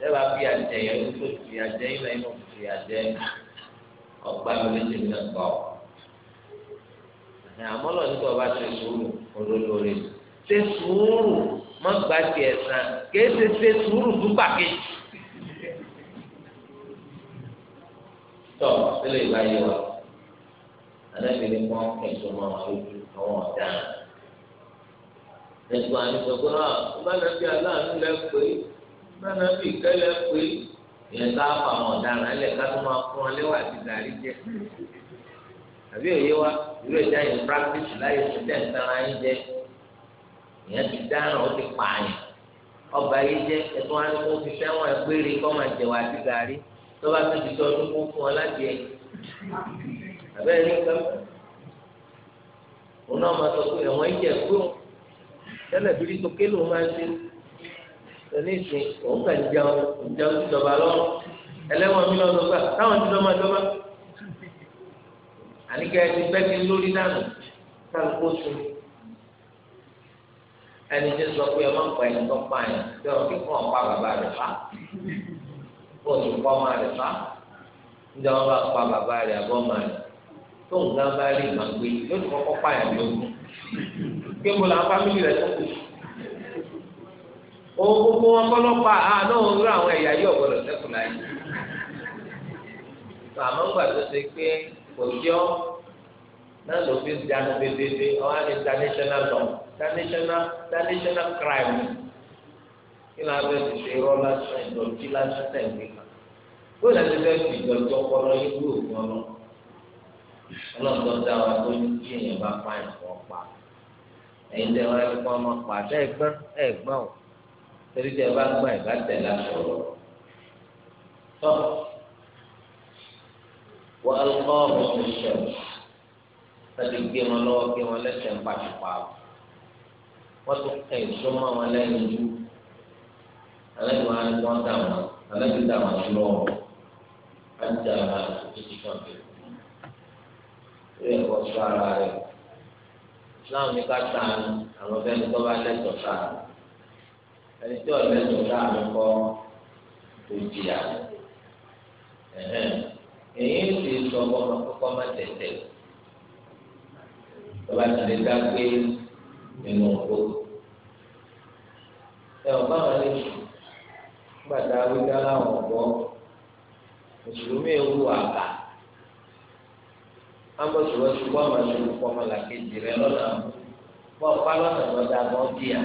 lẹba fi àjẹyẹ lóko fi àjẹyẹ lẹ́yìn náà fi àjẹyẹ ọgbà mi lè tẹ̀lé náà gbọ́. àmọ́ lọ nígbà wọn ṣe sùúrù olólórí ṣe sùúrù mọ́gbàtì ẹ̀sán kì í ṣe ṣe sùúrù dúpàkejì. tọ sílẹ̀ ìbáyé wa anábì ní kọ́ ẹ̀sùn máa wà lójú àwọn ọ̀daràn ẹ̀sùn àníṣọ́gbọ́n náà ìbánábì ah, aláàánú lẹ pé ìbánábì kẹ́lẹ́ pé ìyẹn tá a fọ àwọn ọ̀daràn ẹlẹ́ ká tó máa fún ọ lẹ́wà àti dàrí jẹ àbí òye wa ìlú ìjà yìí practice láyé tó tẹ̀ ń tara yín jẹ ìyẹn ti dáràn ó ti pààyàn ọba yìí jẹ ẹ̀sùn àníṣọ́gbọ́n fi fẹ́ràn ẹgbẹ́rẹ́ kọ́ máa jẹ̀wà àti dàrí tó bá tóbi tó ọdún kó fún ọ láti ẹ̀ abẹ́rẹ́ ní nǹkan mọ́ òun náà máa sọ pé ẹ̀wọ̀n ìjẹ́ fún tẹ́lẹ̀ bírí tó kélo máa ń ṣe tẹ̀lé ìsìn òun kà ń jẹun ìjẹun ti dọ̀bà lọ́rùn ẹlẹ́wọ̀n mi lọ́dọ̀ gbà táwọn ti dọ́mọ dọ́mọ àníkẹ́ ẹni bẹ́ẹ̀ lórí dànù kálukó tún ẹni tí sọ pé ọmọ nǹkan ẹni tó pa ẹni tí ọmọ kíkọ́ ọ̀pá bàbá rẹ̀ pa òní kọ́ ọmọ rẹ̀ fa ǹjẹ́ wọn bá pa bàbá rẹ̀ àbọ̀ ọmọ rẹ̀ tó ń gán bá rí ìgbà gbé yóò tún kọ́kọ́ pààyàn lógún pé mo là ń fámìlì rẹ̀ tó kù. ohun gbogbo wọn kọ́ lọ́pàá àánú òun rú àwọn ẹ̀yà yóò gbọdọ̀ sẹ́kù láyé. àmọ́ gbà tó ṣe pé kò náà ló fi ń bébébé ọ̀hán ní international law international international crime kí ló ń bẹ ti ṣe irọ́ lásán ìdọ̀tí lásán tẹ̀lé tó lẹ́sẹ̀ fẹ́ fi ìjọjọ́ kọ́lọ́ yín kúrò fún ọ ọlọ́run tó dá wa tó ní kí èèyàn bá pa ìfọ̀ pa ẹ̀yin tẹ wá ẹ̀kọ́ ọmọ pàṣẹ ẹ̀gbọ́n ẹ̀gbọ́n o torí tẹ bá gbọ́n ẹ̀gbá tẹ̀ lásọ̀ tọ́ wà á lọ́ ọ̀hún ṣẹ̀wọ̀ láti gbé wọn lọ́wọ́ gbé wọn lẹ́sẹ̀ ń pàṣípà wọ́n tún kẹ́ ìṣó wọn lẹ́yìn ju alẹ́ wọn á ní wọ́n dà wọn alẹ́ bí dà wọn sí àǹtí àwọn àtúntò ti kàn bẹ lórí ẹ̀kọ́ sọ ara rẹ islam ní ká sàánù àwọn fẹni tó bá lẹsọ sàánù ẹni tí ọ̀lẹ́ sọ sàánù kọ́ tó jìyà èyí ń sì sọ ọmọ kọ́kọ́ má tẹ̀tẹ̀ tọ́ba ti lè dá pé nínú òkú ẹ̀ ọ̀gá wọn lè sùn gbàdá wíjà láwọn ọ̀gbọ́n mùsùlùmí ewu àbá amọ̀sọ̀rọ̀sọ kọ́ amọ̀sọ̀rọ̀ kọ́ ọmọlàkejì rẹ lọ́nà bọ́ ọ̀pá lọ́nà lọ́dà bọ́ bíyà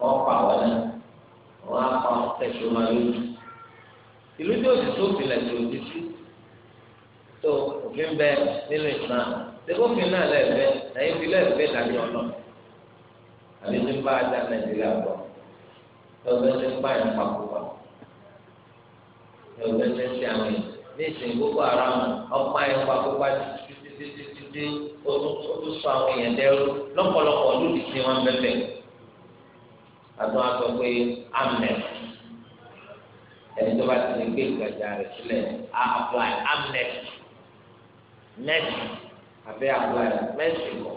wọ́n pa wọ́n náà wọ́n á pa ẹ̀sùn máa lójú ìlú tí òsì tó fi lẹ̀sìn òsì sí tó òfin bẹ nínú ìsàn tẹ́kọ̀fin náà lẹ́ẹ̀fẹ́ ẹ̀yìn fi lẹ́ẹ̀fẹ́ dàbí ọ̀nà àbí tí ń bá a nàìjíríà bọ̀ lọ́sẹ̀ tí ń bá yẹn pa kó wa ẹ̀wọ̀n ẹ̀jẹ̀ ti àwọn yìí ní ìsìn gbogbo ara wọn ọ̀pá yẹn pa pípa títí ó tún sọ àwọn èèyàn dẹ́rù lọ́pọ̀lọpọ̀ lódì sí wọn bẹ́ẹ̀ àtúntò àtọ pé amẹ ẹni tó bá ti lè gbé ìgbàjà rẹ sílẹ̀ a apply amẹ mẹsì àbẹ apply mẹsì kọ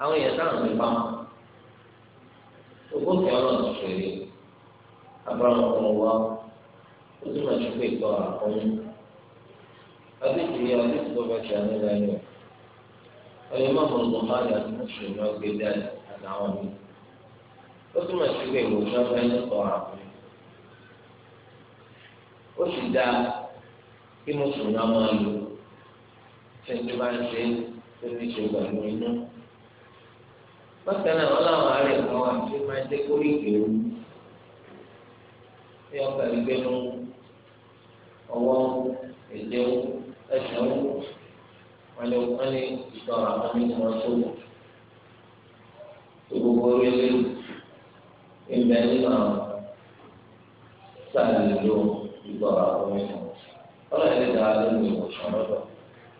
àwọn èèyàn náà lè bá wọn ogójì ọlọ́run abúlé ọmọ wọn. ó túmọ̀ sí pé ìtọ́ àkọ́yún ọdún ìdílé ọdún ìtọ́ bá ti àná ìlànà rẹ̀ ọyọ mọ́mọ́ mọ́hálì àti mùsùlùmí ọgbẹ́ dání àtàwọn mi ó túmọ̀ sí pé ìwòsàn bá ń tọ́ àkọ́yún ó sì dá kí mùsùlùmí ọmọ lò tí bá ń ṣe tó ní ṣe pẹ̀lú inú bákan náà wọn máa ń dé kórìkì ní ọkàn ọwọ́ èdè ẹsẹ̀ wọn lè wọn lè ìtọrọ àwọn nínú wọn tó wọ gbogbo orílẹ̀ ìgbẹ́ nínú àwọn sáàlì ló ìtọrọ àwọn nínú ọlọ́run lè dára lórí ìwòsàn lọ́dọ̀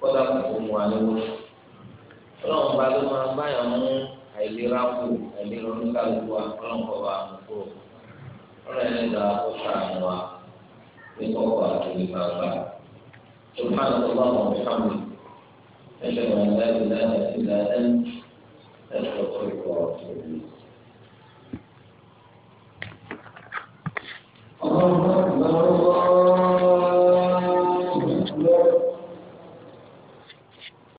kódà kò tó mu aléwò ọlọ́run bá ló máa báyà mú àìlera kù àìlera oníkàlùkù لصوت الإمامة سبحانك اللهم وبحمدك أشهد أن لا إله إلا أنت أستغفرك وأتوب إليك الله الله